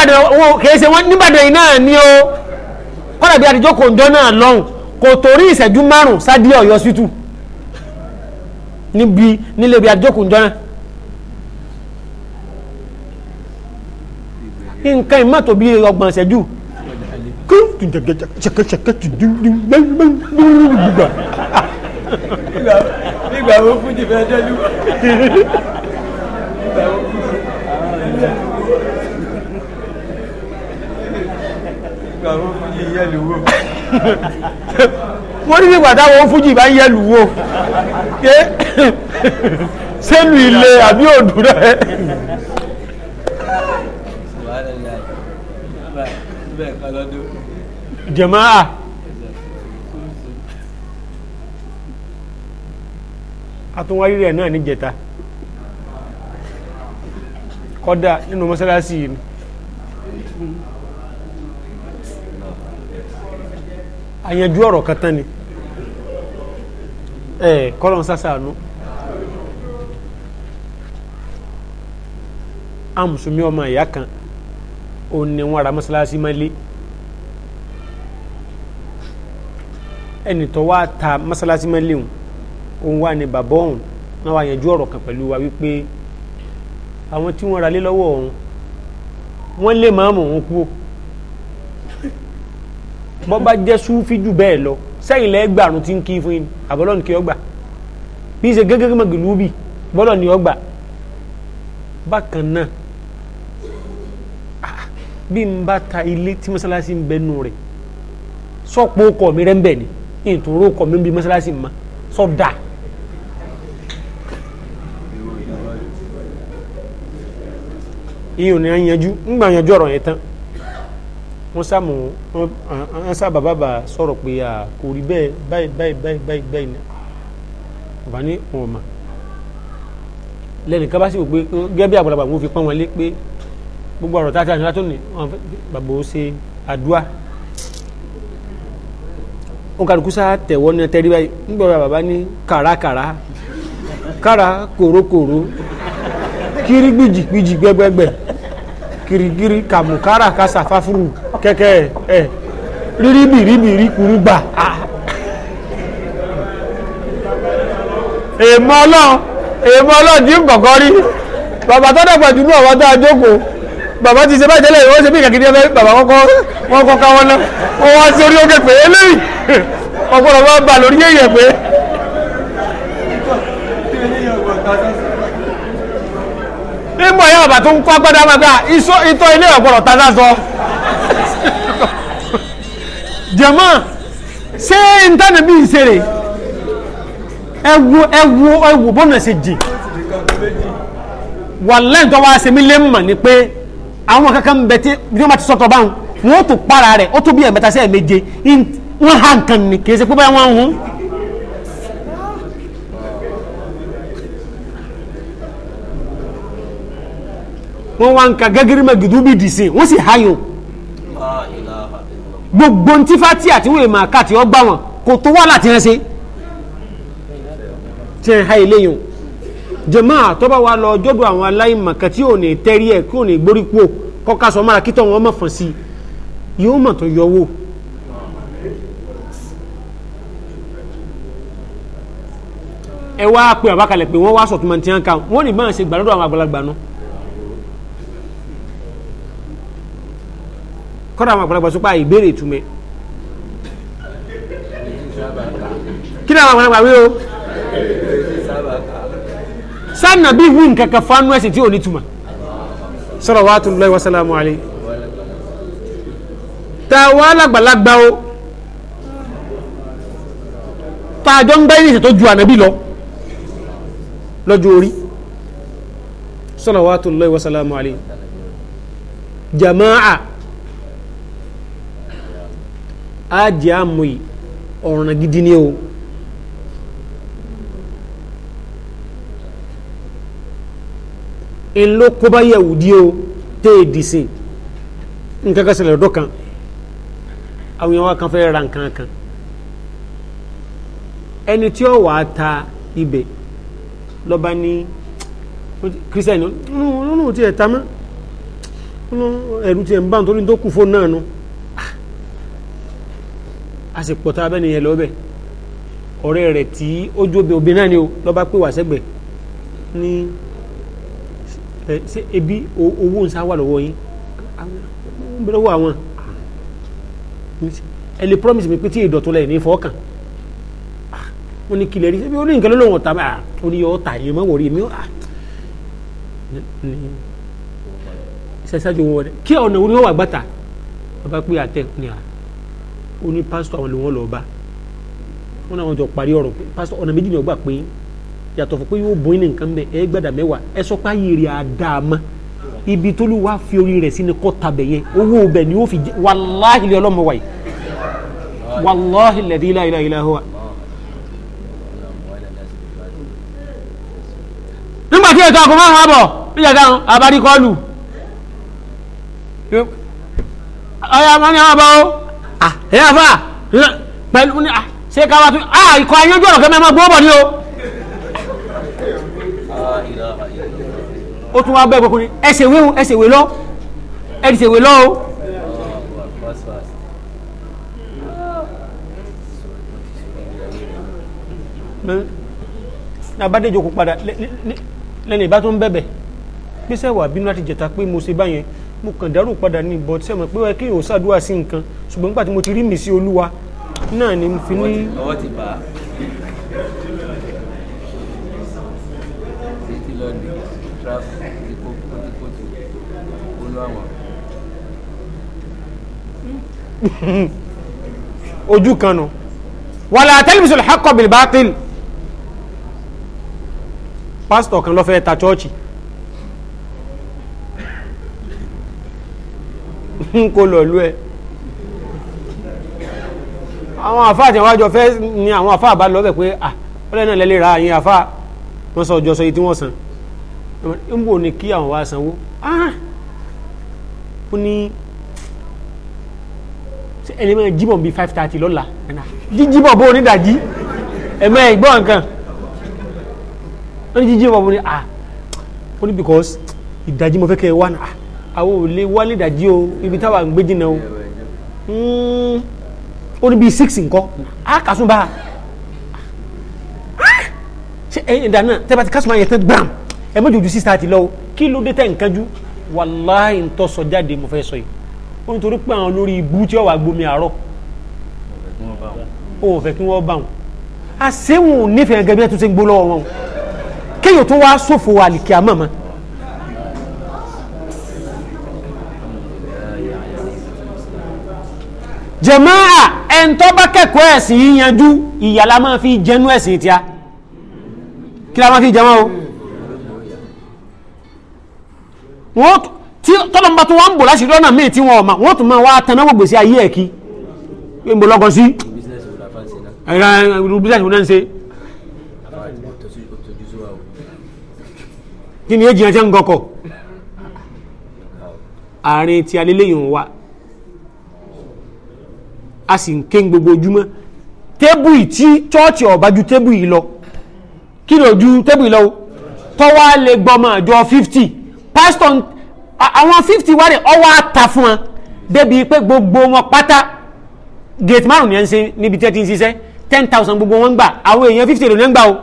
nígbàdàn owó kèése wọn nígbàdàn iná ni ó kọ́nà bí àtijọ́ kò ń jọ náà lọ́hùn kò torí ìṣẹ́jú márùn sádì ọ̀yọ́ sítú níbi nílé bí àtijọ́ kò ń jọ náà. nǹkan ìmọ̀tò bíi ọgbọ̀n ìṣẹ́jú nígbà wo fún jìfẹ́ dẹ́lu yẹ lùwò wọ́n ní ìgbà táwọn fújì bá ń yẹ lùwò sẹ́nu ilé àbí òdù rẹ̀ jẹ̀máà àtúnwárí rẹ̀ náà ní jẹta kọ́dà nínú mọ́sálásí yìí àyànjú ọ̀rọ̀ kan tán ni ẹ kọ́lọ́n nu, a mùsùlùmí ọmọ ìyá kan ó ní wọn ra mọ́sálásí mọ́lé ẹnì tó wá ta mọ́sálásí mọ́lé òun òun wà ní bàbá òun náà wà yànjú ọ̀rọ̀ kan pẹ̀lú wa wípé àwọn tí wọ́n ra lé lọ́wọ́ òun wọ́n lé màámù òun kú bọ́ bá jẹ́ súfì jù bẹ́ẹ̀ lọ sẹ́yìn lẹ́gbàrún tí ń kí fún yín àbọ̀lọ́ ní kí ọgbà bí ṣe gẹ́gẹ́ mọ̀gìlú bì bọ́lọ̀ ní ọgbà bákan náà ah, bí n bá ta ilé tí mọ́sálásí ń bẹ nù rẹ̀ sọ́pọ̀ ọkọ̀ mi rẹ̀ ń bẹ̀ ni ìtòrò ọkọ̀ mi ń bi mọ́sálásí ma sọ́dà ìyọ̀nì àyànjú ń gbà àyànjú ọ̀rọ̀ yẹn tán wọ́n sàmù wọ́n sábà bàbà sọ̀rọ̀ pé à kò rí bẹ́ẹ̀ báyìí báyìí báyìí báyìí báyìí ni bàbá ní wọn mà lẹ́nu ká bá sì wò pé gẹ́gẹ́ bí àgbàlagbà wọn fi pọ́n wọn lé pé gbogbo ọ̀rọ̀ táta àti látọ́ni wọn bàbá ó ṣe àdúrà wọn kàdùkú sá tẹ̀wọ́ ní tẹ́rí báyìí nígbàgbà bàbá ní kàràkàrà kàrà kòrókòró kiri gbìjìgbìjì gbẹgbẹgbẹ kirigiri kàmùkárà kásà fáfúrú kẹ́kẹ́ ẹ̀ ríríbì ríbì ríkuru gbà á. èèmọ̀ ọlọ́run èèmọ̀ ọlọ́run jí kọ̀kọ́ rí bàbá tó dàgbà jù ní ọ̀wọ́ tó a jókòó bàbá ti ṣe báyìí tẹ́lẹ̀ ìwọ́n ṣe bí ìkàkiri ẹgbẹ́ bàbá kọ́kọ́ wọ́n kọ́ káwọn náà wọ́n wá sí orí oge pé eléyìí ọ̀pọ̀lọ̀ bá bà lórí èèyàn pé. ìmọ̀ ìyá bàbá tó ń kọ́ agbádá máa ìtọ́ ilé ọ̀pọ̀lọ̀ tá jama ṣé ntànàbí ìṣeré ẹwu ẹwu ẹwu bọ́nà ṣe jì wàlẹ́ ntọ́ wa ṣe mí lé mọ̀ ni pé àwọn kankan bẹ tí bí wọ́n bá ti sọ̀tọ̀ báwọn wọ́n tó para rẹ̀ ó tó bí ẹ̀mẹ́ta sí ẹ̀mẹ́je wọ́n hàn kàn ní kì í ṣe pé báyọ̀ wọ́n hùn. wọ́n wá ń ka gẹ́gẹ́rì mẹ́gìdú bí dìísìn wọ́n sì háyùn gbogbo ntí fati àti wíwèé máa ká tí ó gbà wọn kò tó wá láti ránṣẹ́ tí ń ha eléyìí jẹ̀mọ́ àtọ́bá wa lọ jọ́dọ̀ àwọn aláìmọ̀kà tí ò ní tẹ́rí ẹ̀ kí ò ní gbórí kú kọ́ka sọ mára kítọ̀ wọn mọ̀ fọ́n sí yóò mọ̀ tó yọ wò. ẹ wá pe àbákalẹ̀ pé wọ́n wá sọ̀tún mọ̀ tí wọ́n ká wọ́n ní ṣe gbàdúrà àwọn àgbàlagbà náà. kọ́dà àwọn àgbàlagbà sọpá ah, ìbéèrè ìtumẹ̀ kí ni àwọn àgbàlagbà wí o sanna bí hu nǹkan kan fanu ẹsẹ̀ tí ò ní túmọ̀ salawatullahi wa salamu alayhi táwa alàgbàlagbà o tààjọ ń gbáyé ìṣètò ju ànábì lọ lọ́jọ́ orí salawatullahi wa salamu alayhi jama'a á di àmú yìí na gidi ni o. n ya kó o tẹ́ ẹ̀ dì sí nǹkan kan kan àwọn kan ra nǹkan kan ta ibe lọ́ba ní kírísítẹ́nì nínú tí ẹ̀ e ta mọ́ ẹ̀rù tí ẹ̀ ń bá nítorí tó kù fóònù àsìkò tá a bẹ́ni yẹn lọ́bẹ̀ ọ̀rẹ́ rẹ̀ tí ó jóbe obìnrin náà ni o lọ́ba pé wà sẹ́gbẹ̀ ní ẹ ṣe ebi owó ń sá wà lọ́wọ́ yín ń bẹ̀rẹ̀ wọ àwọn ẹ lè promise mi pé tí ìdọ̀tún lẹ̀ ní fọ́ọ̀kàn wọn ni kìlẹ̀ rí ṣebí ó ní nǹkan lọ́wọ́ ta bá ó ní yọ ta yìí mọ́ wọ̀rí mi ó ṣẹṣẹ́ ju wọn kí ọ̀nà orí wọn wà gbàtà ọba pé àtẹ ní à ó ní pásítọ̀ àwọn ni wọ́n lọ bá wọn náà wọ́n jọ parí ọ̀rọ̀ pé pásítọ̀ ọ̀nà méjì ni ọgbà pé yàtọ̀ fún pé yóò bóyin ní nǹkan bẹ́ẹ̀ ẹ gbàdà mẹ́wàá ẹ sọ pé ayé rẹ̀ àdàmọ́ ibi tó lù wá fi orí rẹ̀ sí ni kọ́ tabẹ̀ yẹn owó bẹ̀ ni ó fi jẹ́ wàláhì lé ọlọ́mọ wáyé wàláhì lẹ́dí ilá ilá ilá wa. nígbà tí ètò àkọ́mọ́ ha bọ̀ níjà dáhùn abárí kọ́ọ̀lù ọ̀yà mọ́ni àbọ̀ o. Ah, ẹ yà fà pẹ̀lú ní ah, ṣé káwá tún ah ikọ̀ ayéjú ọ̀rọ̀ kẹ́mẹ́ máa gbọ́ bọ̀ ni o. ó tún wá bẹ́ẹ̀ gbogbo ni ẹsẹ̀ ìwé ẹsẹ̀ ìwé lọ ẹsẹ̀ ìwé lọ o. abádéjọ kò padà lẹ́nu ìbá tó ń bẹ̀bẹ̀ gbèsè wà bínú láti jẹ̀ta pé mo ṣe báyẹn mo kàn dárò padà ní ìbọn tí ọmọ pé wọ́n kí òun ṣàdúrà sí nǹkan ṣùgbọ́n nígbà tí mo ti rí mi sí olúwa náà ni mo fi ní. ọwọ́ ti bá a. títí lọ ní tráfù ní kótókótó ó *laughs* ojú kan nù wàlá tẹlifíṣọ̀lù hakọ̀ bìlbátìl pásítọ̀ kan ló ta chọ́ọ̀chì. ń kó lọ̀lú ẹ àwọn àfáà àti àwọn àjọ fẹ́ ni àwọn àfáà bá lọ́bẹ̀ pé à ah, ọlẹ́ náà lẹ́lẹ́ ra àyìn àfáà wọ́n sọ ọjọ́ sọ yìí tí wọ́n san ń bò ní kí àwọn wá sanwó ah, ó ní ẹni mẹ́rin jíbọ̀ bíi five thirty lọ́la ah, jíjíbọ̀ bó onídàájí ẹ̀mẹ́ ìgbọ́ nǹkan wọ́n ní jíjíbọ̀ bó ní à ó ní because ìdajì mo fẹ́ kẹ́ ẹ wá náà àwọn ò lè wálé ìdajì o ibi táwa ń gbé jìnnà o hmm, ó ní bíi six nǹkan á kásùn bá a ah! ṣe ẹyin ìdáná náà tẹ́ bá ti kásùn àyẹ̀ tán gbàm ẹ mọ̀ jòjú sísá àti lọ́wọ́ kí ló dé tẹ̀ ń kánjú wàláhì ń tọ́ sọ jáde mo fẹ́ sọ yìí ó ní torí pé àwọn olórí ibú tí ó wà gbomi àárọ̀ òun fẹ́ kí wọ́n bá wọn àṣẹ́wọ̀n nífẹ̀ẹ́ gẹ́gẹ́ bí wọ́n tún ń gbó lọ́wọ́ wọn kéèyàn tó wá ṣòfò àlìkí àmọ́ mọ́. jẹ̀máà ẹ̀ńtọ́ bá kẹ́kọ̀ọ́ ẹ̀sìn yíyanjú ìyà la máa fi jẹnu ẹ̀sìn tíá kí la máa fi jẹmọ́ o wọ́n tí tọ́lọ́mbà tó wọ́n ń bò láti rọ́nà míì tí wọ́n ọ̀ma wọ́n tún máa wá taná gbogbo sí ayé ẹ̀ kí pé mo lọ́gọ́ sí bísíǹsì wọn ṣe kí ni èjì yẹn ń gọkọ̀ àárín tí alẹ́lẹ́yìn wa a sì ń ké gbogbo ojúmọ́ tébù yìí tí chọ́ọ̀chì ọ̀bá ju tébù yìí lọ kí ló ju tébù yìí lọ tọ́wọ́ lè gbọmọ àjọ fifty pásítọ̀ àwọn fifty wá rẹ̀ ọwọ́ ata fún wọn débi pé gbogbo wọn pátá gate márùn ni ẹ ń ṣe níbi tẹ́tí ń ṣiṣẹ́ ten thousand gbogbo wọn gbà àwọn èèyàn fifty ló ní gbà o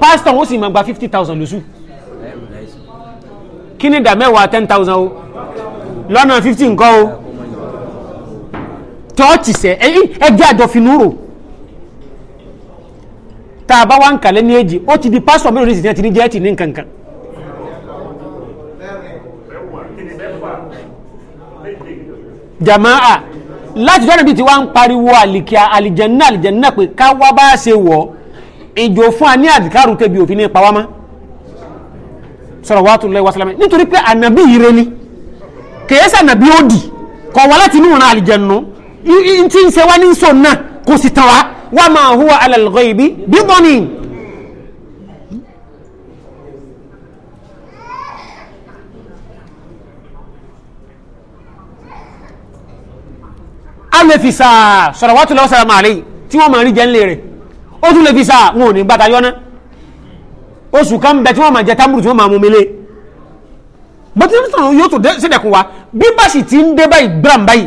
pásítọ̀ wọn sì máa gba fifty thousand lóṣù kí ni ìdá mẹ́wàá ten thousand o lọ́nà fifty nǹkan o tọ́ọ̀tì sẹ ẹgbẹ́ àjọfinúrò tá a bá wá ń kàlẹ́ ní èjì ó ti di pásítọ̀ mélòó ní ìsìn àti ní jẹ́ẹ̀tì ní nkankan. jamaa láti tọ́nà bíi ti wá ń pariwo àlìkíá àlìjẹ̀nà àlìjẹ̀nà pé ká wá bá a ṣe wọ̀ ìjò fún a ní àdìkárù kébi òfin ní pawá mọ́ sọ̀rọ̀ wàá tún lẹ́wọ́ sálámẹ́ nítorí pé ànàbí yìí kèé sànàbí ó dì kọ̀ wá láti inú ìran àlìjẹ̀nù ntí ń ṣe wá ní nsọ náà kò sì tàn wá wà máa hùwà alàlùkọ́ ibi bí wọ́n ni. a lè fi sáà sọ̀rọ̀ wàá tún lọ́wọ́ sára màálé tí wọ́n máa rí jẹ́ ńlẹ̀ rẹ̀ ó tún lè fi sáà wọn ò ní bàtà yọ́nà oṣù kan bẹ tí wọ́n máa jẹ tábùrù tí wọ́n máa mú mi lé bọ́tí nítorí yóò tó sídẹ̀kùn wa bí bá sì ti ń dé báyìí gbàm báyìí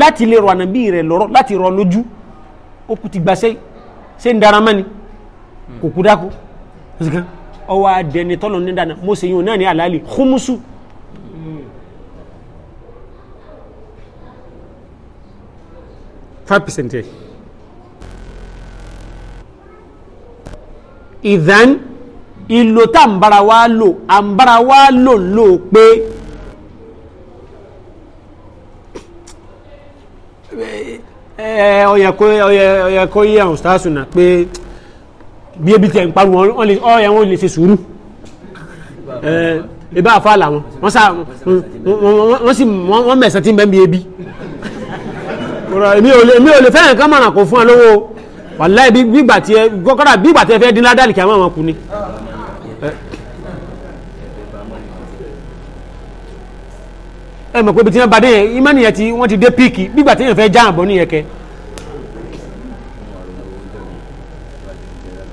láti lè rọ ànábì rẹ̀ lọ́rọ̀ láti rọ lójú ó kú ti gba sẹ́yìn ṣé ń darama ni kò kú dáko ọwọ́ adẹni tọ́lọ̀ ní dáná mo ṣe yín o náà ní àlàálì humusu. five percent yẹ. ìdán ìlò tá à ń bára lò à lò ń lò pé. ẹ eh, ọyẹ kó ọyẹ ọyẹ kó yẹ àwọn stars náà pé bí ebi tẹ̀ ń parun wọn lè ọyẹ eh, wọn lè ṣe sùúrù ebi àfa làwọn wọn sá wọn sì wọn mẹsàn tí ń bẹ ń bi ebi èmi ò lè èmi ò lè fẹ́ràn kán mọ̀ràn kò fún ẹ lówó wàláì bí gbàtí ẹ gbọ́kọ́dà bí gbàtí ẹ fẹ́ dín ládàlì kí a máa wọn kú ni. ẹ mọ̀ pé ibi tí wọ́n bá dé yẹn ìmọ̀ nìyẹn tí wọ́n ti dé píìkì bígbà téèyàn fẹ́ já àbọ̀ nìyẹn kẹ.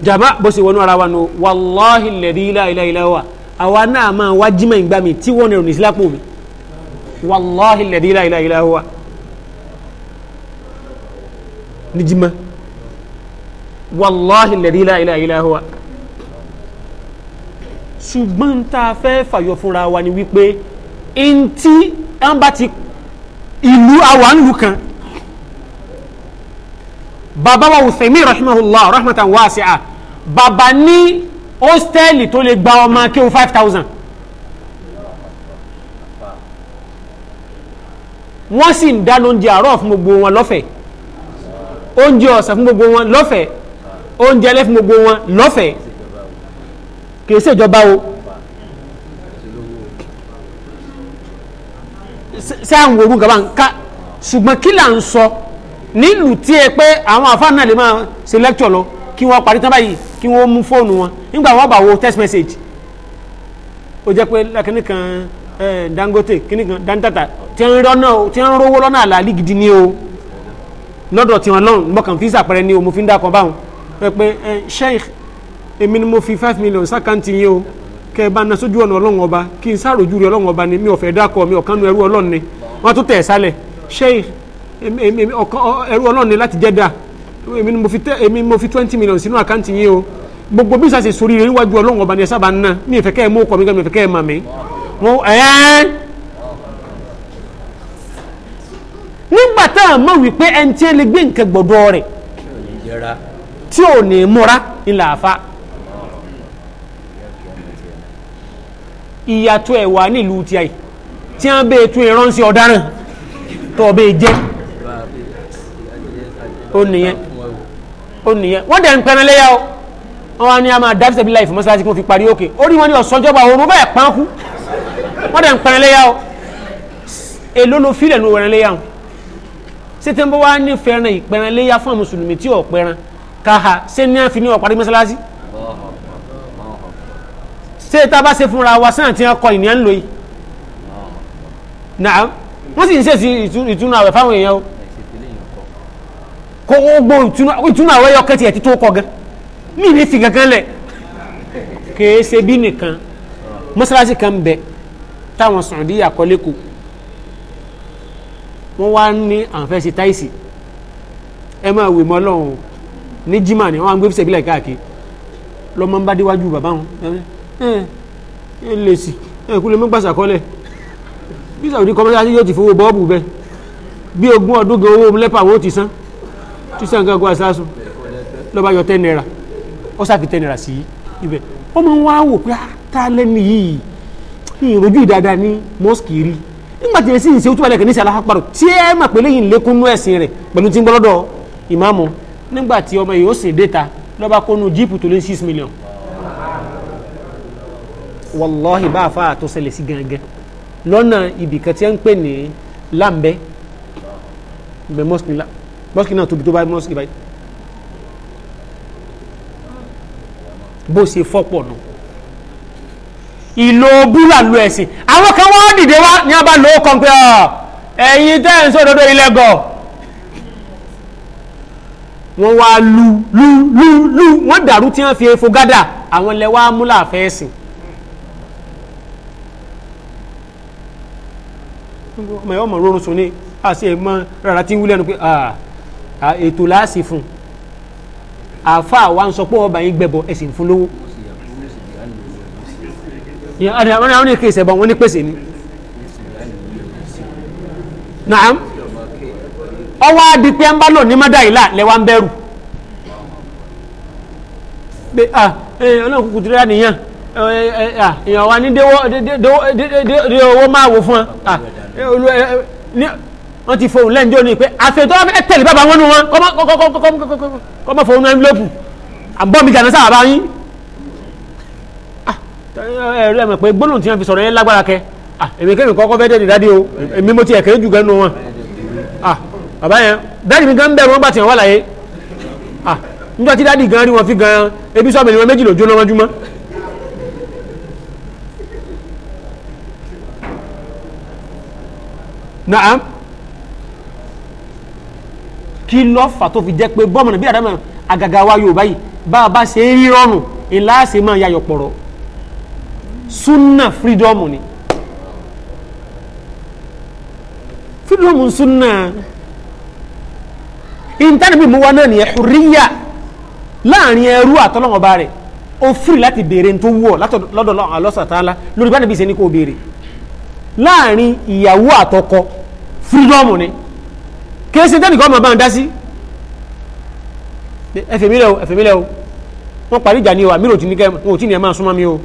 jàmbá bó ṣe wọnú ara wa nù wàláhì lẹ́dí ilá ilá ilá wa àwa náà máa wá jímọ̀ ìgbà mi tí wọ́n rìn sí lápò mi wàláhì lẹ́dí ilá ilá ilá wa ní jímọ̀ wàláhì lẹ́dí ilá ilá ilá wa ṣùgbọ́n tá a fẹ́ fàyọ fúnra wa ni wípé ntí ẹn bá ti ìlú àwa ńlù kan bàbá wa Uthaymin rahimahullah rahmatan wasi'a bàbá ní hóstẹ́ẹ̀lì tó lè gba ọmọ akéwù five thousand wọ́n sì ń dáná oúnjẹ àárọ̀ fún gbogbo wọn lọ́fẹ̀ẹ́ oúnjẹ ọ̀sán fún gbogbo wọn lọ́fẹ̀ẹ́ oúnjẹ alẹ́ gbogbo wọn lọ́fẹ̀ẹ́ kì í ṣèjọba o. tí à ń worú gaba ń ká ṣùgbọ́n kí là ń sọ nílùú tí ẹ pé àwọn àfáà náà lè máa ṣe lẹ́kítọ̀ lọ kí wọ́n parí tán báyìí kí wọ́n mú fóònù wọn nígbà wọ́n bá wo text message ó jẹ́ pé kíní kan Dangote kíní kan Dantata tí ń rówó lọ́nà àlàálí gidi ni o lọ́dọ̀ tí wọn lọ́rùn mọ́kàn fi sàpẹrẹ ni o mo fi ń dà kan báwọn ẹ pé ẹ sheikh èmi ni mo fi five million sákàǹtì yín o kẹ ẹ bá na ọ̀nà ọlọ́run ọba kí n sárojú rẹ ọlọ́run ọba ni mi ò fẹ́ dákọ̀ mi ọ̀kan nu ẹrú ọlọ́run ni wọ́n tún tẹ̀ ẹ̀ sálẹ̀ sheikh ẹrú ọlọ́run ni láti jẹ́ dà èmi mo fi tẹ èmi mo fi twenty million sínú àkáǹtì yín o gbogbo bí sàṣẹ sórí rẹ níwájú ọlọ́run ọba ni ẹ sábà ń ná mi ìfẹ́ kẹ́ ẹ mú ọkọ mi gan mi ìfẹ́ kẹ́ ẹ mà mí. nígbà tá a mọ̀ wípé ẹni tí ẹ lè gbé nǹkan gbọ̀dọ̀ rẹ̀ tí ò ní múra ilà àfa. ìyàtọ̀ ẹ̀ wà nílùú tí a yìí tí wọ́n bẹ́ẹ̀ tún ìránṣẹ́ ọ̀daràn tó o bẹ́ẹ̀ jẹ́ ó nìyẹn ó nìyẹn wọ́n dẹ̀ ń pẹnlẹ́yà o wọ́n ní a máa dábìsẹ̀ bí láìfún mọ́sálásí kí wọ́n fi parí òkè orí wọn ni ọ̀sọ́jọba òru bẹ́ẹ̀ pánkú wọ́n dẹ̀ ń pẹnlẹ́yà o èló ló fílẹ̀ ló wẹ̀rẹ̀lẹ́yà o ṣé tẹ́ ń bọ́ wá ní fẹ́ràn ìpẹ̀rẹ̀lẹ́yà fún mùsùlùmí tí ò pẹran káha ṣé ní àfi ní ọ̀parí mọ́sálásí ṣé tá a bá ṣe fúnra wa sáà tí wọ́n kọ ìníyàn naam wọ́n sì ń ṣèṣì ìtúnu àwẹ̀ fáwọn èèyàn o kó gbó ìtúnu àwẹ̀ yọ kẹ́tì ẹ̀ títún kọ gan mí ní fi gangan lẹ̀ kèé ṣe bí nìkan mọ́sálásí kan bẹ̀ táwọn sọ̀rọ̀dí àkọlé kù wọ́n wá ní àǹfẹ́ ṣe táìsì ẹ máa wè mọ́ lọ́hùn ní jimá ni wọ́n á gbé sẹ́bílẹ̀ káàkiri lọ́mọ ń bá déwájú bàbá wọn ẹ ẹ lè sì ẹ kú lè mú kọ́lẹ̀ bí sàwùdí kọ́mọ́sáàtì yóò ti fowó bọ́ọ̀bù bẹ́ẹ̀ bí ogún ọdún gan owó lẹ́pà wọn ó ti san tí sàn gan gan aṣáṣun lọ́ba yọ ten naira ó sàfi ten naira sí ibẹ̀ wọ́n máa ń wá wò pé ah, tá lẹ́nu yìí ìrojú ìdáadáa ní mọ́sìkì rí nígbà tí èsì ìṣe òtún àlẹ́kẹ̀ ní ìṣàlá àpàrọ̀ tí ẹ mà pé lẹ́yìn lẹ́kún nú ẹ̀sìn rẹ̀ pẹ̀lú tí ń gbọ́ lọ́dọ̀ ìmáàmù nígbà tí ọmọ yìí ó sì déta lọ́ba kó nu jíìpù tó lé six million wallahi bá a fa àtọ́sẹ̀lẹ̀ sí gangan lọ́nà ibìkan tí wọ́n ń pè ní lambẹ́ ibẹ̀ mọ́sùkì náà tóbi tó bá mọ́sùkì báyìí bó ṣe fọ́pọ̀ nù ìlò búlà lu ẹ̀sìn àwọn kan wọ́n dìde wá ní abá kan pé ah, ẹ̀yin tẹ́ ń sọ̀dọ́dọ́ ilẹ̀ gọ̀ wọ́n wá lu lu lu lu wọ́n dàrú tí wọ́n fi efo gádà àwọn lẹ́wọ́ amúlà fẹ́ sìn ọmọ yẹn ọmọ rọrùn sùn ni àti ẹ̀gbọ́n rárá tí ń wílẹ̀ nu pé ètò láàsì fún àfa wa ń sọ pé ọba yín gbẹbọ ẹsìn fún lówó àwọn àwọn èké ìṣẹ̀bọ̀ wọn ní pèsè ni. naam ọwọ́ adìpẹ́ ń bá lò ní mọ́dáìlá lẹ́wà ń bẹ̀rù pé à ọlọ́run kúkú tirẹ́yà nìyẹn èèyàn wa ní dé owó máa wò fún ọ wọ́n ti fohùn lẹ́njọ́ ni pé àfẹ́tọ́ ẹ tẹ̀lé bàbá wọn nu wọn kọ́ mọ́ fohùn envelope àbọ̀ mi jàǹdà sáà bá yín ẹ̀rọ ah, ẹ̀mọ̀ pé gbólóhùn tí wọ́n fi sọ̀rọ̀ yẹn lágbára kẹ́ ah, èmi kémi kọ́kọ́ fẹ́ dẹ́ni dádì o èmi mo ti ẹ̀kẹ́ jù gan nu wọn ah, bàbá yẹn dádì mi gan bẹ̀rù wọn bá tiẹ̀ wà láyé níjọ́ tí dádì gan rí wọn fi gan ebi sọ́ọ̀mù ni wọn méjì lòjó lọ́wọ́júmọ́ naam kí ló fà tó fi jẹ́ pé bọ́mọ̀nà bí àdámà àgàgà wa yorùbá yìí bá a bá ṣe rí rọrùn ìlà àṣẹ máa yayọ̀ pọ̀rọ̀ sunna freedom ni freedom sunna intanẹti mu wa náà nìyẹn hurriya láàrin ẹrú àtọ́lọ́wọ́n ba rẹ̀ ó firi láti béèrè ntòwú ọ lọ́dọ̀ lọ́sàtàlá lórí bá níbi ìsẹ́ni kò béèrè láàrin ìyàwó àtọkọ fírídọ́ọ̀mù ni kìí ṣe tẹ́nìkan máa bá ń dá sí ẹfẹ̀mílẹ̀ o ẹfẹ̀mílẹ̀ o wọ́n parí ìjà ni o àmì òtí ni ẹ máa súnmọ́ mi o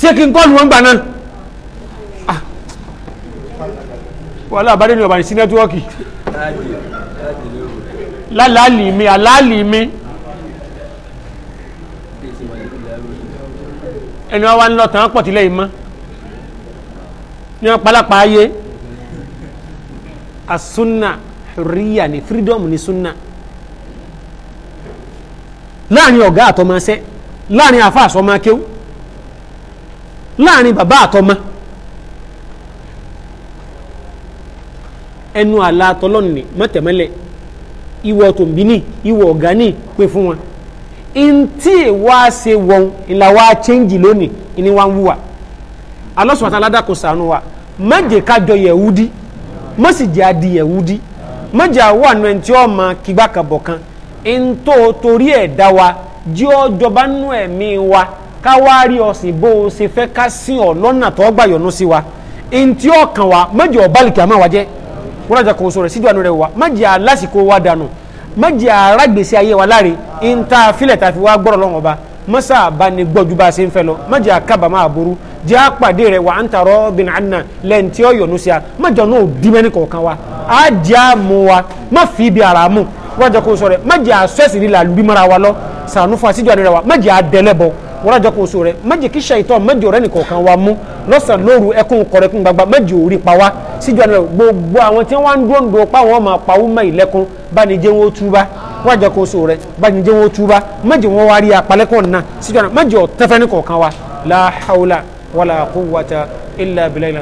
ṣé kí n kọ́ọ̀lù wọn gbà náà wọ́n aláàbárẹ́ ni ọ̀bàrìn sí nẹ́tíwọ́ọ̀kì lálàálì mi àlàálì mi. ẹni wá wá ń lọ tàn án pọ̀ tilẹ̀ yìí mọ́ ní wọn palapa ayé asunna ríyà ni freedom ni sunna láàrin ọ̀gá àtọmọṣẹ́ láàrin àfa àsọmọkéw láàrin bàbá àtọmọ ẹnu àlá tọlọ́nì mọ́tẹ̀mọ́lẹ̀ ìwọ tòǹbìnì ìwọ ọ̀gá ní pé fún wọn ntí wá ṣe wọn ìlà wá chẹ́ǹgì lónìí ìní wá ń wa ta'ala kò sànú wa má jẹ́ ká jọ yẹ̀wúdí má sì jẹ́ adi yẹ̀wúdí má jẹ́ àwọn àna ẹ̀ tí ó ma kígbà kàbọ̀ kan ntó torí ẹ̀ dá wa jí ó jọba nú ẹ̀mí wa ká wá rí ọ̀sìn bó o ṣe fẹ́ ká sìn ọ́ wa ntí ọkàn wa má jẹ́ wa jẹ́ wọ́n rájà kò sọ̀rọ̀ síjú àánú rẹ̀ wa má jẹ́ alásìkò wa dànù mẹ́jì ara gbèsè ayé wa láre ń ta filẹ̀ tàfi wá gbọ́rọ̀ lọ́wọ́ ọba mọ́sá àbáni gbọ́jú bá a ṣe ń fẹ́ lọ mẹ́jì akábàámọ̀ àbúrú jẹ́ àpàdé rẹ̀ wà á ń tarọ́ bin anna lẹ́yìn tí ó yọ̀nu sí a mẹ́jọ náà dìmẹ́ni kọ̀ọ̀kan wa á jẹ́ àmú wa má fi ibi ara mú wájà kó sọ̀rẹ̀ mẹ́jì asọ́sì líla lùmọ́ra wa lọ sànúfọ́ àsíjọ́ àdúrà wa mẹ́jì adẹ́lẹ́bọ̀ wọ́nàjọ́ kò so rẹ̀ méjì kí ṣàìtọ́ méjì ọ̀rẹ́ nìkan kan wa mú lọ́sàn lóru ẹkún kọ̀rẹ́kún gbagba méjì òrí pa wá síjọ́ àná gbogbo àwọn tí wọ́n ń dúró ń dúró pa wọ́n máa pa wúmọ̀ ìlẹ́kùn báni wọn ó túbá wọ́nàjọ́ kò so rẹ̀ báni wọn ó túbá méjì wọn wá rí apalẹ́kùn náà síjọ́ àná méjì ọ̀tẹ́fẹ́ nìkan wa la hawla wala quwwata illa billahi